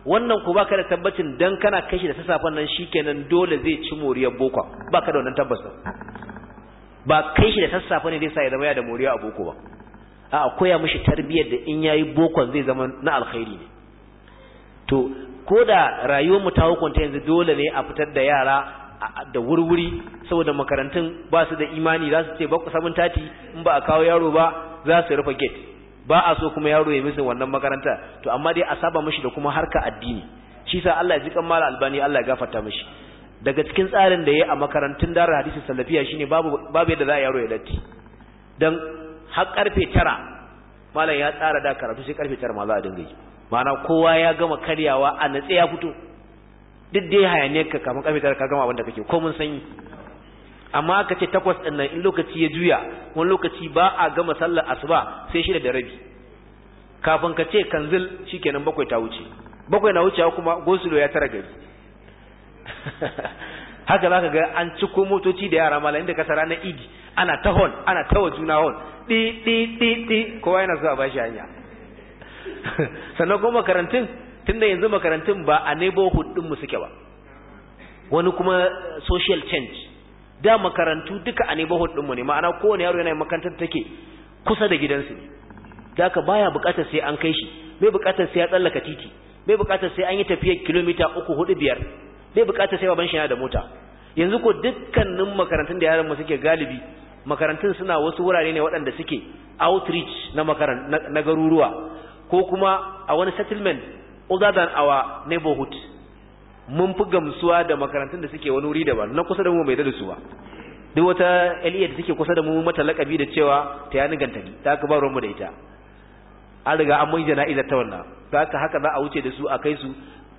wannan ku baka da tabbacin dan kana kashi da sassafen nan shikenan dole zai ci moriyar boko baka da wannan tabbas ba kai shi da sassafe ne zai sa ya zama ya da moriya a boko ba a koya mishi tarbiyyar da in yayi bokon zai zama na alkhairi ne to ko da rayuwar mu ta hukunta yanzu dole ne a fitar da yara da wurwuri saboda makarantun ba su da imani za su ce ba ku sabon tati in ba a kawo yaro ba za su rufe gate ba a so kuma yaro ya misin wannan makaranta to amma dai a saba mishi da kuma harka addini shi sa Allah ya ji kan mala albani Allah ya gafarta mishi daga cikin tsarin da yayi a makarantun darar hadisi salafiya shine babu babu yadda za a yaro ya latti dan har karfe 9 malam ya tsara da karatu sai karfe 9 ma za a dinga yi ma'ana kowa ya gama karyawa a natse ya fito duk dai hayaniyar ka kamar kamitar ka gama abinda kake ko mun sanyi amma ka ce takwas ɗin nan in lokaci ya juya wani lokaci ba a gama sallar asuba sai shida da rabi kafin ka ce kanzil shikenan bakwai ta wuce bakwai na wucewa kuma gosulo ya tara gari haka za ka ga an ci ko motoci da yara mala da kasa ranar idi ana ta hon ana ta juna hon ɗi ɗi ɗi ɗi kowa yana zuwa bashi hanya sannan kuma makarantun tunda yanzu makarantun ba a neighborhood din suke ba wani kuma social change da makarantu duka a neighborhood din ne ma'ana kowane yaro yana makarantar take kusa da gidansu ne da baya bukatar sai an kai shi bai bukatar sai ya tsallaka titi bai bukatar sai an yi tafiyar kilomita uku hudu biyar bai bukatar sai baban shi yana da mota yanzu ko dukkanin makarantun da yaran mu suke galibi makarantun suna wasu wurare ne waɗanda suke outreach na na garuruwa ko kuma a wani settlement other than our neighborhood mun fi gamsuwa da makarantun da suke wani wuri daban na kusa da mu mai da duk wata e aliyar da suke kusa da mu mata lakabi da cewa ta yani gantani ta ka ba mu da ita an riga an mun jana'izar ta wannan ta haka haka za a wuce da su a kai su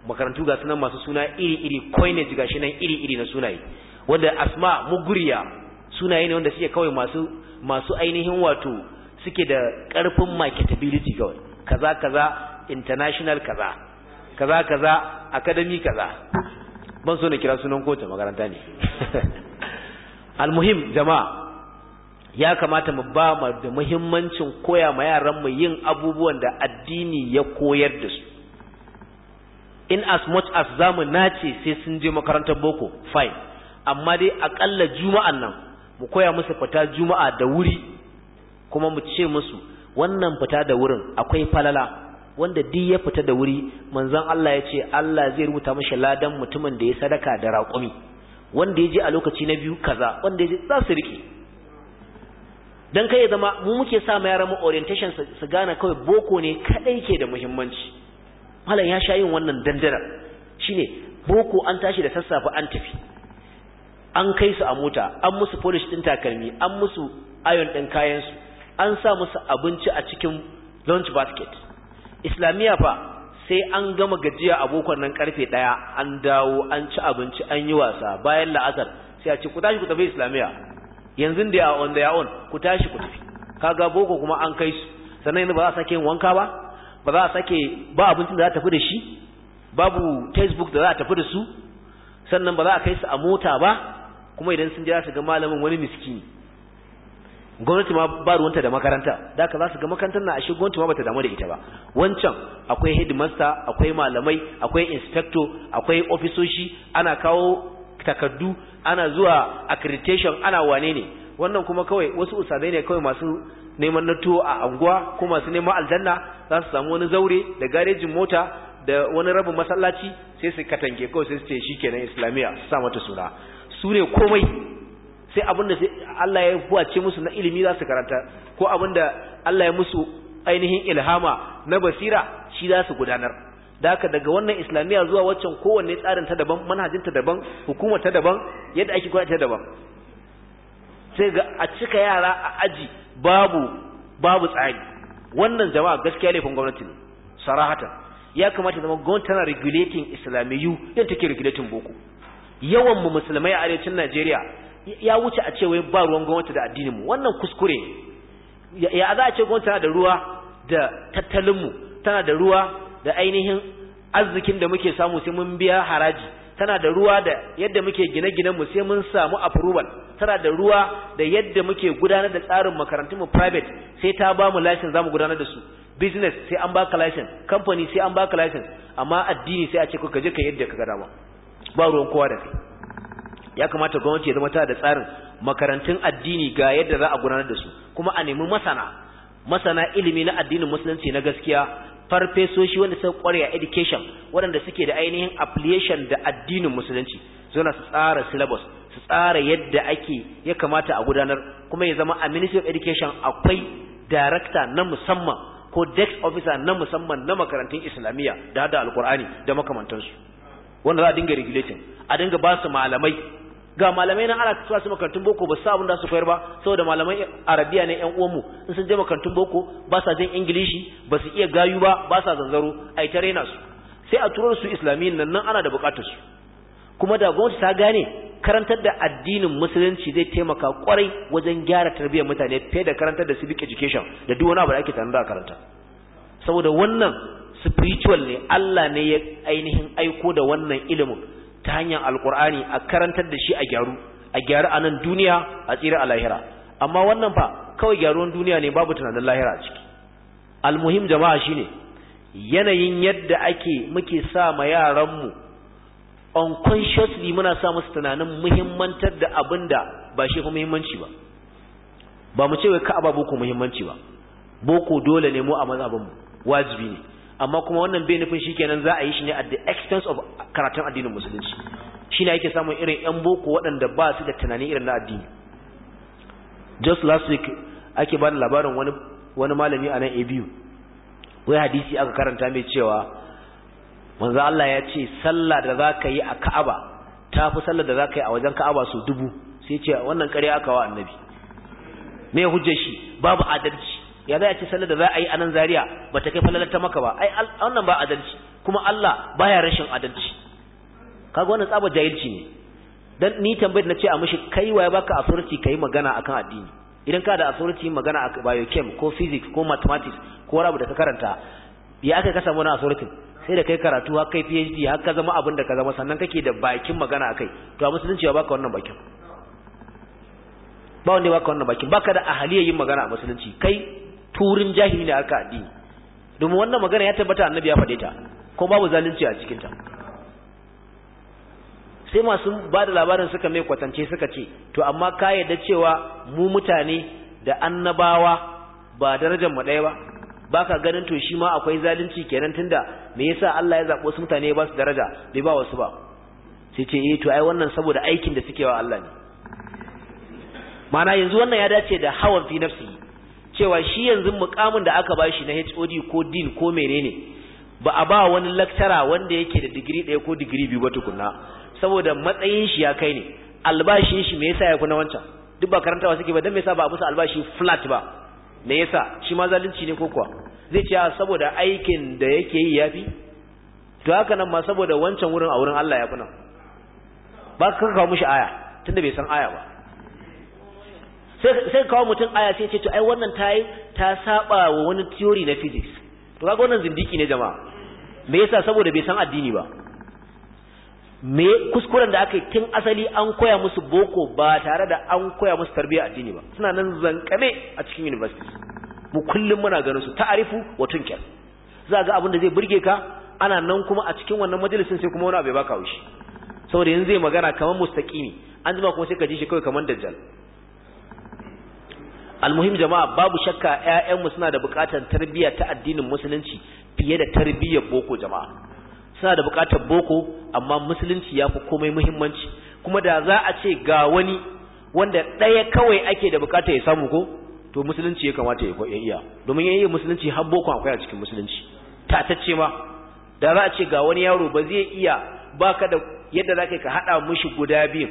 makarantu ga sunan masu suna iri-iri coinage ga shi nan iri-iri na sunaye wanda asma muguriya sunaye ne wanda suke kawai masu masu ainihin wato suke da karfin marketability kawai kaza kaza international kaza kaza kaza academy kaza ban so na kira sunan kotun makaranta ne almuhim jama'a ya kamata mu ba mu da muhimmancin koya ma yaran mu yin abubuwan da addini ya koyar da su in as much as zamu nace sai sun je makarantar boko fine amma dai akalla juma'an nan mu koya musu fita juma'a da wuri kuma mu ce musu wannan fita da wurin akwai falala wanda duk ya fita da wuri manzon Allah ya ce Allah zai rubuta mashi ladan mutumin da ya sadaka da raƙumi wanda ya je a lokaci na biyu kaza wanda ya je za su rike dan kai ya zama mu muke sa ma yaran mu orientation su gane kawai boko ne kadai ke da muhimmanci malam ya sha yin wannan dandara shine boko an tashi da sassafe an tafi an kai su a mota an musu polish din takalmi an musu ayon din kayan su an sa musu abinci a cikin lunch basket islamiyya fa sai an gama gajiya abokan nan karfe daya an dawo an ci abinci an yi wasa bayan la'asar sai a ce ku tashi ku tafi islamiyya yanzu da ya on da ya on ku tashi ku tafi kaga boko kuma an kai su sannan ba za a sake yin wanka ba ba za a sake ba abincin da za a tafi da shi babu facebook da za a tafi da su sannan ba za a kai su a mota ba kuma idan sun je za su ga malamin wani miskini gwamnati ma ba ruwanta da makaranta da ka za su ga makarantar na ashe gwamnati ma bata damu da ita ba wancan akwai headmaster akwai malamai akwai inspector akwai ofisoshi ana kawo takardu ana zuwa accreditation ana wane ne wannan kuma kawai wasu usadai ne kawai masu neman na tuwo a anguwa ko masu neman aljanna za su samu wani zaure da garejin mota da wani rabin masallaci sai su katange kawai sai su ce kenan islamiyya su sa mata suna su ne komai sai abin abinda Allah ya buwace musu na ilimi za su karanta ko abinda Allah ya musu ainihin ilhama na basira shi za su gudanar da haka daga wannan islamiyya zuwa waccan kowanne tsarin ta daban manhajin ta daban hukumar ta daban yadda ake koyar ta daban sai ga a cika yara a aji babu babu tsari wannan jama'a gaskiya laifin gwamnati ne sarahatan ya kamata zama gwamnati tana regulating islamiyyu yadda take regulating boko yawan mu musulmai a arewacin Najeriya ya wuce a ce wai ba ruwan gwamnati da addinin mu wannan kuskure ya za a ce gwamnati tana da ruwa da tattalinmu tana da ruwa da ainihin arzikin da muke samu sai mun biya haraji tana da ruwa da yadda muke gine-ginen mu sai mun samu approval tana da ruwa da yadda muke gudanar da tsarin makarantun mu private sai ta ba mu license zamu gudanar da su business sai an baka license company sai an baka license amma addini sai a ce ka je ka yadda ka ga dama ba ruwan kowa da kai ya kamata gwamnati ya zama ta da tsarin makarantun addini ga yadda za a gudanar da su kuma a nemi masana masana ilimi na addinin musulunci na gaskiya farfesoshi wanda suka kware a education waɗanda suke da ainihin affiliation da addinin musulunci zona su tsara syllabus su tsara yadda ake ya kamata a gudanar kuma ya zama a ministry of education akwai director na musamman ko desk officer na musamman na makarantun islamiyya da hada alkur'ani da makamantansu wanda za a dinga regulating a dinga ba su malamai ga malamai na ana kasuwa su makarantun boko ba su abin da su koyar ba saboda malamai arabiya ne yan uwanmu in sun je makarantun boko ba sa jin ingilishi ba su iya gayu ba ba sa zanzaro ai tare na su sai a turar su islamiyin nan nan ana da bukatar su kuma da gwamnati ta gane karantar da addinin musulunci zai taimaka kwarai wajen gyara tarbiyyar mutane fiye da karantar da civic education da duk wani abu da ake tanda a karanta saboda wannan spiritual ne Allah ne ya ainihin aiko da wannan ilimin ta hanyar alkur'ani a karantar da shi a gyaru a gyaru a nan duniya a tsira a lahira amma wannan fa kawai gyaruwan duniya ne babu tunanin lahira a ciki almuhim jama'a shine yanayin yadda ake muke sa ma yaranmu unconsciously muna sa musu tunanin muhimmantar da abin da ba shi fi muhimmanci ba ba mu ce wai ka'aba boko muhimmanci ba boko dole ne mu a mu wajibi ne amma kuma wannan bai nufin shikenan za a yi shi ne at the expense of karatun addinin musulunci Shi shine yake samun irin yan boko waɗanda ba su da tunani irin na addini just last week ake da labarin wani wani malami a nan ABU wai hadisi aka karanta mai cewa manzo Allah ya ce sallah da za ka yi a Ka'aba ta fi sallah da za ka yi a wajen Ka'aba su dubu sai ce wannan ƙarya aka wa annabi me hujjar shi babu adalci ya za a ce sallar da za a yi a nan zariya ba ta kai falalar ta maka ba ai wannan ba adalci kuma Allah baya rashin adalci kaga wannan tsaba jahilci ne dan ni tambayar na ce a mishi kai waye baka authority kai magana akan addini idan ka da authority magana a biochem ko physics ko mathematics ko rabu da ka karanta ya aka ka samu na authority sai da kai karatu har kai PhD har ka zama abin da ka zama sannan kake da bakin magana akai to a musulunci ba ka wannan bakin ba wanda ya baka wannan bakin baka da ahaliya yin magana a musulunci kai turin jahili ne aka addini domin wannan magana ya tabbata annabi ya faɗe ta ko babu zalunci a cikinta sai masu ba da labarin suka mai kwatance suka ce to amma ka yadda cewa mu mutane da annabawa ba darajar mu ɗaya ba baka ganin to shi ma akwai zalunci kenan tunda me yasa Allah ya zabo su mutane ba su daraja bai ba wasu ba sai ce eh to ai wannan saboda aikin da suke wa Allah ne mana yanzu wannan ya dace da hawan fi nafsi cewa shi yanzu mukamin da aka ba shi na HOD ko din ko menene ba a ba wani lakcara wanda yake da digiri ɗaya ko digiri biyu ba tukunna saboda matsayin shi ya kai ne albashin shi me yasa ya kuna wancan duk ba karantawa suke ba dan me yasa ba a musu albashi flat ba me yasa shi ma zalunci ne ko kuwa zai ce ah, saboda aikin da yake yi yafi to haka nan ma saboda wancan wurin a wurin Allah ya kuna ba ka kawo mishi aya tunda bai san aya ba sai kawo mutum aya sai ce to ai wannan ta yi ta saba wa wani theory na physics to kaga wannan zindiki ne jama'a me yasa saboda bai san addini ba me kuskuren da aka yi tun asali an koya musu boko ba tare da an koya musu tarbiyya addini ba suna nan zankame a cikin university mu kullum muna ganin su ta'arifu wa tunkir za ga abin da zai burge ka ana nan kuma a cikin wannan majalisin sai kuma wani abu ya baka haushi saboda yanzu zai magana kamar mustaqimi an jima kuma sai ka ji shi kawai kamar dajjal almuhim jama'a babu shakka ƴaƴanmu suna da buƙatar tarbiyya ta addinin musulunci fiye da tarbiyyar boko jama'a suna da buƙatar boko amma musulunci yafi komai muhimmanci kuma da za a ce ga wani wanda ɗaya kawai ake da buƙatar ya samu ko to musulunci ya kamata ya iya domin yayin musulunci har boko akwai a cikin musulunci tatacce ma da za a ce ga wani yaro ba zai iya baka da yadda zaka ka hada mishi guda biyu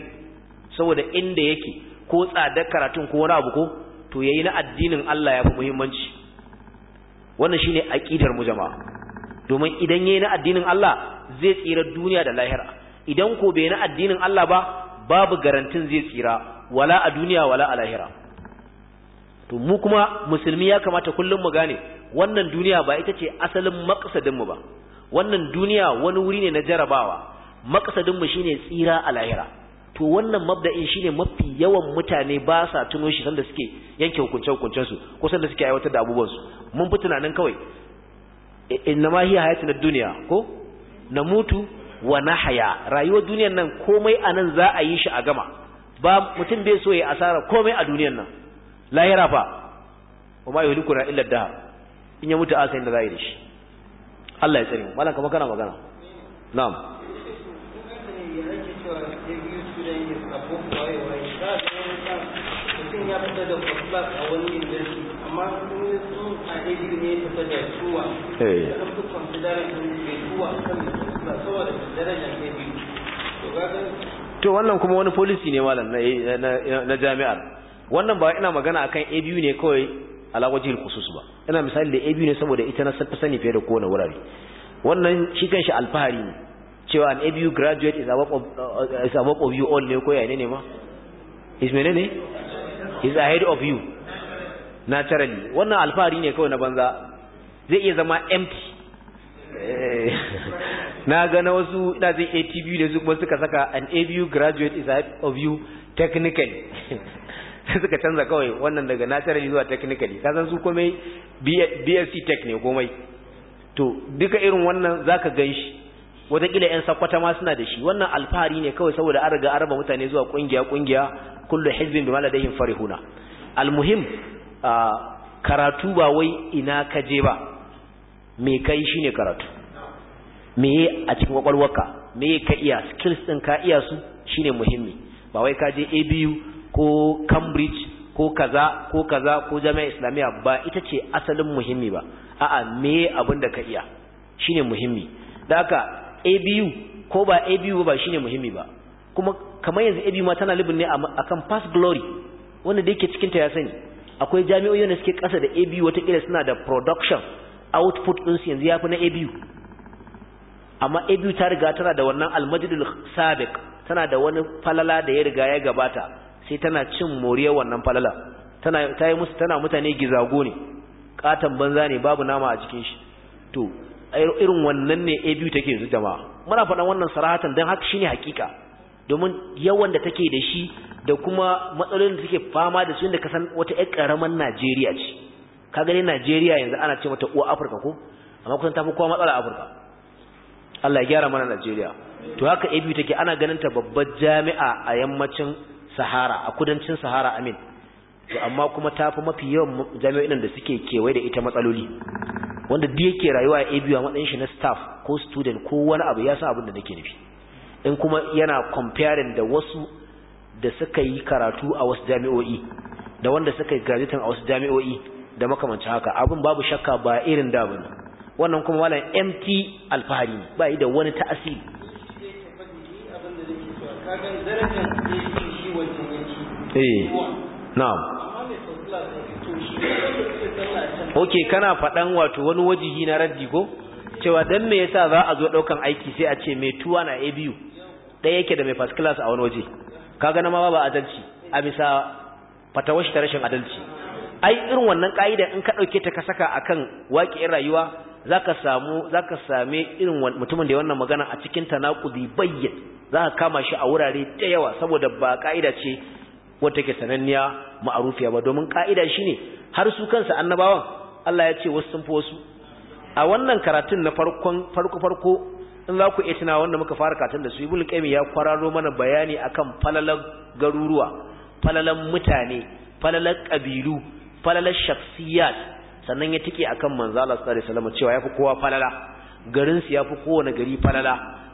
saboda inda yake ko tsada karatun ko wani abu ko to yayi na addinin Allah yafi muhimmanci wannan shine aqidar mu jama'a domin idan yayi na addinin Allah zai tsira duniya da lahira idan ko bai na addinin Allah ba babu garantin zai tsira wala a duniya wala a lahira to mu kuma musulmi ya kamata kullum mu gane wannan duniya ba ita ce asalin maqsadin mu ba wannan duniya wani wuri ne na jarabawa maqsadin mu shine tsira a lahira to wannan mabda'in shine mafi yawan mutane ba sa tuno shi sanda suke yanke hukunce hukuncen su ko sanda suke aiwatar da abubuwan su mun fi tunanin kawai ma hiya hayatun dunya ko na mutu wa na haya? rayuwar duniyar nan komai anan za a yi shi a gama ba mutum bai so ya asara komai a duniyar nan lahira fa kuma kuna illa daha in ya mutu a aka da za a yi da shi Allah ya tsare mu malaka magana magana na'am abun waye waye za a ga wani mutum ya fita da kwasbak a wani university amma sun yi sun a daidai ne ya fita da tuwa da an fi kwansidarar sun ke tuwa a kan kwasbak saboda daraja ne biyu to ga to wannan kuma wani policy ne malam na jami'ar wannan ba ina magana akan abu ne kawai alawajin khusus ba ina misali da abu ne saboda ita na sani fiye da kowane wurare wannan shi kanshi alfahari ne cewa an abu graduate is a work of, uh, is a work of you all ne ko yane ne ma is ne is ahead of you naturally wannan alfahari ne kawai na banza zai iya zama empty eh, na ga na wasu ina zai ATB da su kuma suka saka an ABU graduate is ahead of you technically suka canza kawai wannan daga naturally zuwa technically kasan su komai BSc tech ne komai to duka irin wannan zaka ganshi wataƙila 'yan sakwata ma suna da shi wannan alfahari ne kawai saboda an riga araba mutane zuwa ƙungiya ƙungiya kullu hizbin bima ladayhim farihuna almuhim karatu ba wai ina ka je ba me kai shine karatu me a cikin kwakwalwarka me ka iya skills din ka iya su shine muhimmi ba wai ka je ABU ko Cambridge ko kaza ko kaza ko jami'a islamiyya ba ita ce asalin muhimmi ba a'a me abin da ka iya shine muhimmi da haka abu ko ba abu ba shine muhimmi ba kuma kamar yanzu abu ma tana libin ne akan past glory wanda da yake cikin ta ya sani akwai jami'o'i da suke kasa da abu watakila suna da production output su yanzu yafi na abu amma abu ta riga tana da wannan almajidul sabiq tana da wani falala da ya riga ya gabata sai tana cin moriyar wannan falala tana ta yi musu tana mutane gizago ne katon banza ne babu nama a cikin shi to irin wannan ne a biyu take yanzu jama'a muna faɗan wannan sarahatan Dan haka shine hakika domin yawan da take da shi da kuma matsalolin da take fama da su inda ka san wata ƴar ƙaramar Najeriya ce ka gani Najeriya yanzu ana ce mata uwa Afirka ko amma kusan tafi kowa matsala Afirka Allah ya gyara mana Najeriya to haka a biyu take ana ganin ta babbar jami'a a yammacin Sahara a kudancin Sahara amin to amma kuma ta fi mafi yawan jami'o'in da suke kewaye da ita matsaloli wanda duk yake rayuwa a abu a matsayin shi na staff ko student ko wani abu ya san abin da nake nufi in kuma yana comparing da wasu da suka yi karatu a wasu jami'o'i da wanda suka yi graduate a wasu jami'o'i da makamancin haka abin babu shakka ba irin da bane wannan kuma malam MT alfahari ne ba yi da wani ta'asiri eh na'am ok kana faɗan wato wani wajihi na raddi ko cewa dan me yasa za a zo ɗaukan aiki sai a ce mai tuwa na abu ɗaya yake da mai first class a wani waje kaga na ma ba adalci a bisa fatawar ta rashin adalci ai irin wannan ka'ida in ka ɗauke ta ka saka akan waƙiyar rayuwa ka samu ka same irin mutumin da wannan magana a cikin ta bayyan za ka kama shi a wurare ta yawa saboda ba ka'ida ce wata ke sananniya ma'arufiya ba domin ka'ida shine har su kansa annabawan Allah ya ce wasu sun fi wasu a wannan karatun na farkon farko farko in za ku iya tuna wanda muka fara karatun da su ibul qayyim ya kwararo mana bayani akan falalan garuruwa falalan mutane falalan kabilu falalan shakhsiyat sannan ya tike akan manzo Allah sallallahu alaihi wasallam cewa yafi kowa falala garin su yafi kowane gari falala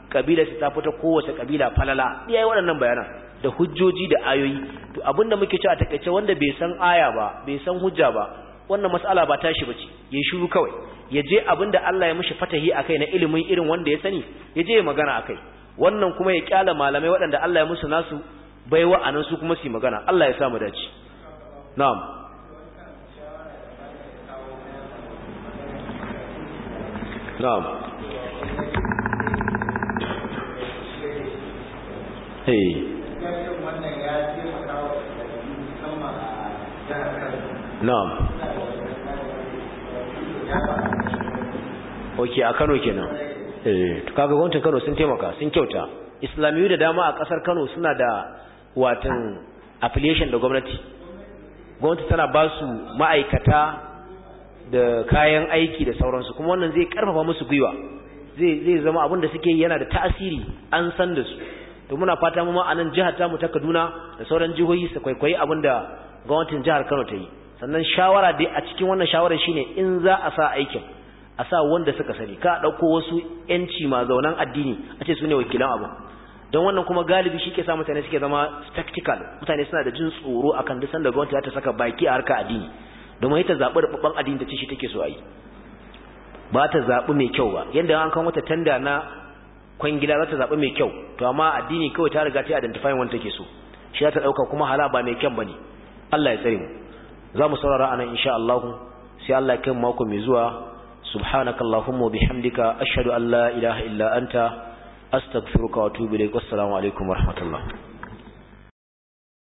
kabila su ta fita kowace kabila falala iyaye waɗannan bayanan da hujjoji da ayoyi to abinda muke ci a takaice wanda bai san aya ba bai san hujja ba wannan mas'ala ba tashi bace yayi shiru kawai ya je abinda Allah ya mishi fatahi akai na ilimin irin wanda ya sani ya je ya magana akai wannan kuma ya kyala malamai waɗanda Allah ya musu nasu baiwa anan su kuma su magana Allah ya samu dace na'am na'am hey. na'am oke a kano kenan eh to kaga gwamnatin kano sun taimaka sun kyauta islamiyu da dama a kasar kano suna da watan affiliation da gwamnati gwamnati tana ba su ma'aikata da kayan aiki da sauransu kuma wannan zai karfafa musu gwiwa zai zama abin da suke yana da tasiri an san da su to muna fata mu ma a jihar tamu ta Kaduna da sauran jihohi su kwaikwayi abin da gwamnatin jihar Kano ta yi sannan shawara dai a cikin wannan shawara shine in za a sa aikin a sa wanda suka sani ka dauko wasu yanci ma zaunan addini a ce su ne wakilan abu don wannan kuma galibi shi ke sa mutane suke zama tactical mutane suna da jin tsoro akan duk sanda gwamnati za ta saka baki a harkar addini domin ita zaɓi rubabban addini da ce shi take so a yi ba ta zaɓi mai kyau ba yadda an kawo mata tanda na kwangila za ta zaɓi mai kyau to amma addini kawai ta riga ta identify wani take so shi za ta ɗauka kuma hala ba mai kyan ba ne Allah ya tsare mu za mu saurara a nan insha Allah sai Allah ya kai mako mai zuwa subhanaka allahumma wa bihamdika ashhadu an la ilaha illa anta astaghfiruka wa atubu ilaik assalamu alaikum wa rahmatullah